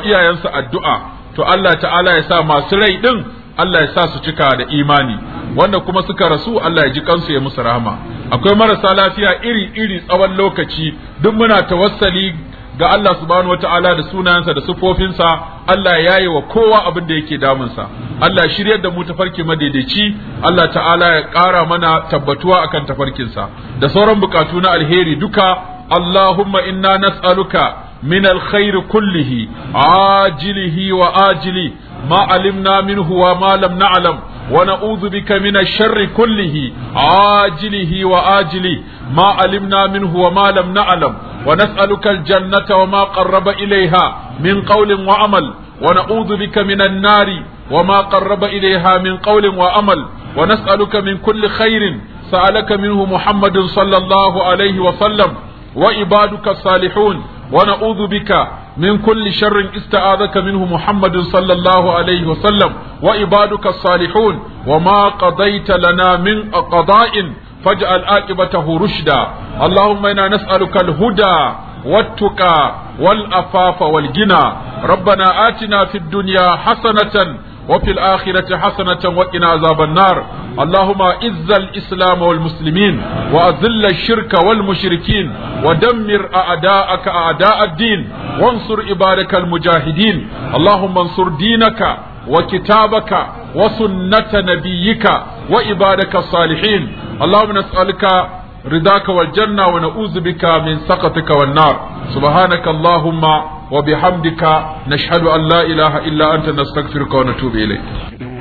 iyayensu addu'a to Allah ta'ala ya sa masu rai ɗin Allah ya sa su cika da imani wanda kuma suka rasu Allah ya ji kansu ya musu rahama akwai marasa lafiya iri iri tsawon lokaci duk muna tawassali ga Allah subhanahu ta'ala da sunayensa da sufofinsa Allah ya yi wa kowa abin da yake damunsa Allah shiryar da mu tafarki madaidaici Allah ta'ala ya ƙara mana tabbatuwa akan tafarkinsa da sauran bukatu na alheri duka Allahumma inna nas'aluka min alkhairi kullihi ajilihi wa ajili ما علمنا منه وما لم نعلم ونعوذ بك من الشر كله عاجله وآجله ما علمنا منه وما لم نعلم ونسألك الجنة وما قرب إليها من قول وعمل ونعوذ بك من النار وما قرب إليها من قول وعمل ونسألك من كل خير سألك منه محمد صلى الله عليه وسلم وعبادك الصالحون ونعوذ بك من كل شر استعاذك منه محمد صلى الله عليه وسلم وعبادك الصالحون وما قضيت لنا من قضاء فاجعل عاقبته رشدا اللهم انا نسالك الهدى والتقى والافاف والجنى ربنا اتنا في الدنيا حسنه وفي الآخرة حسنة وقنا عذاب النار اللهم إذ الإسلام والمسلمين وأذل الشرك والمشركين ودمر أعداءك أعداء الدين وانصر عبادك المجاهدين اللهم انصر دينك وكتابك وسنة نبيك وعبادك الصالحين اللهم نسألك ridaka wal na wa na'udhu bika min saqatika wan nar subhanaka allahumma wa bihamdika nashhadu an la ilaha illa anta nastaghfiruka wa natubu ilayk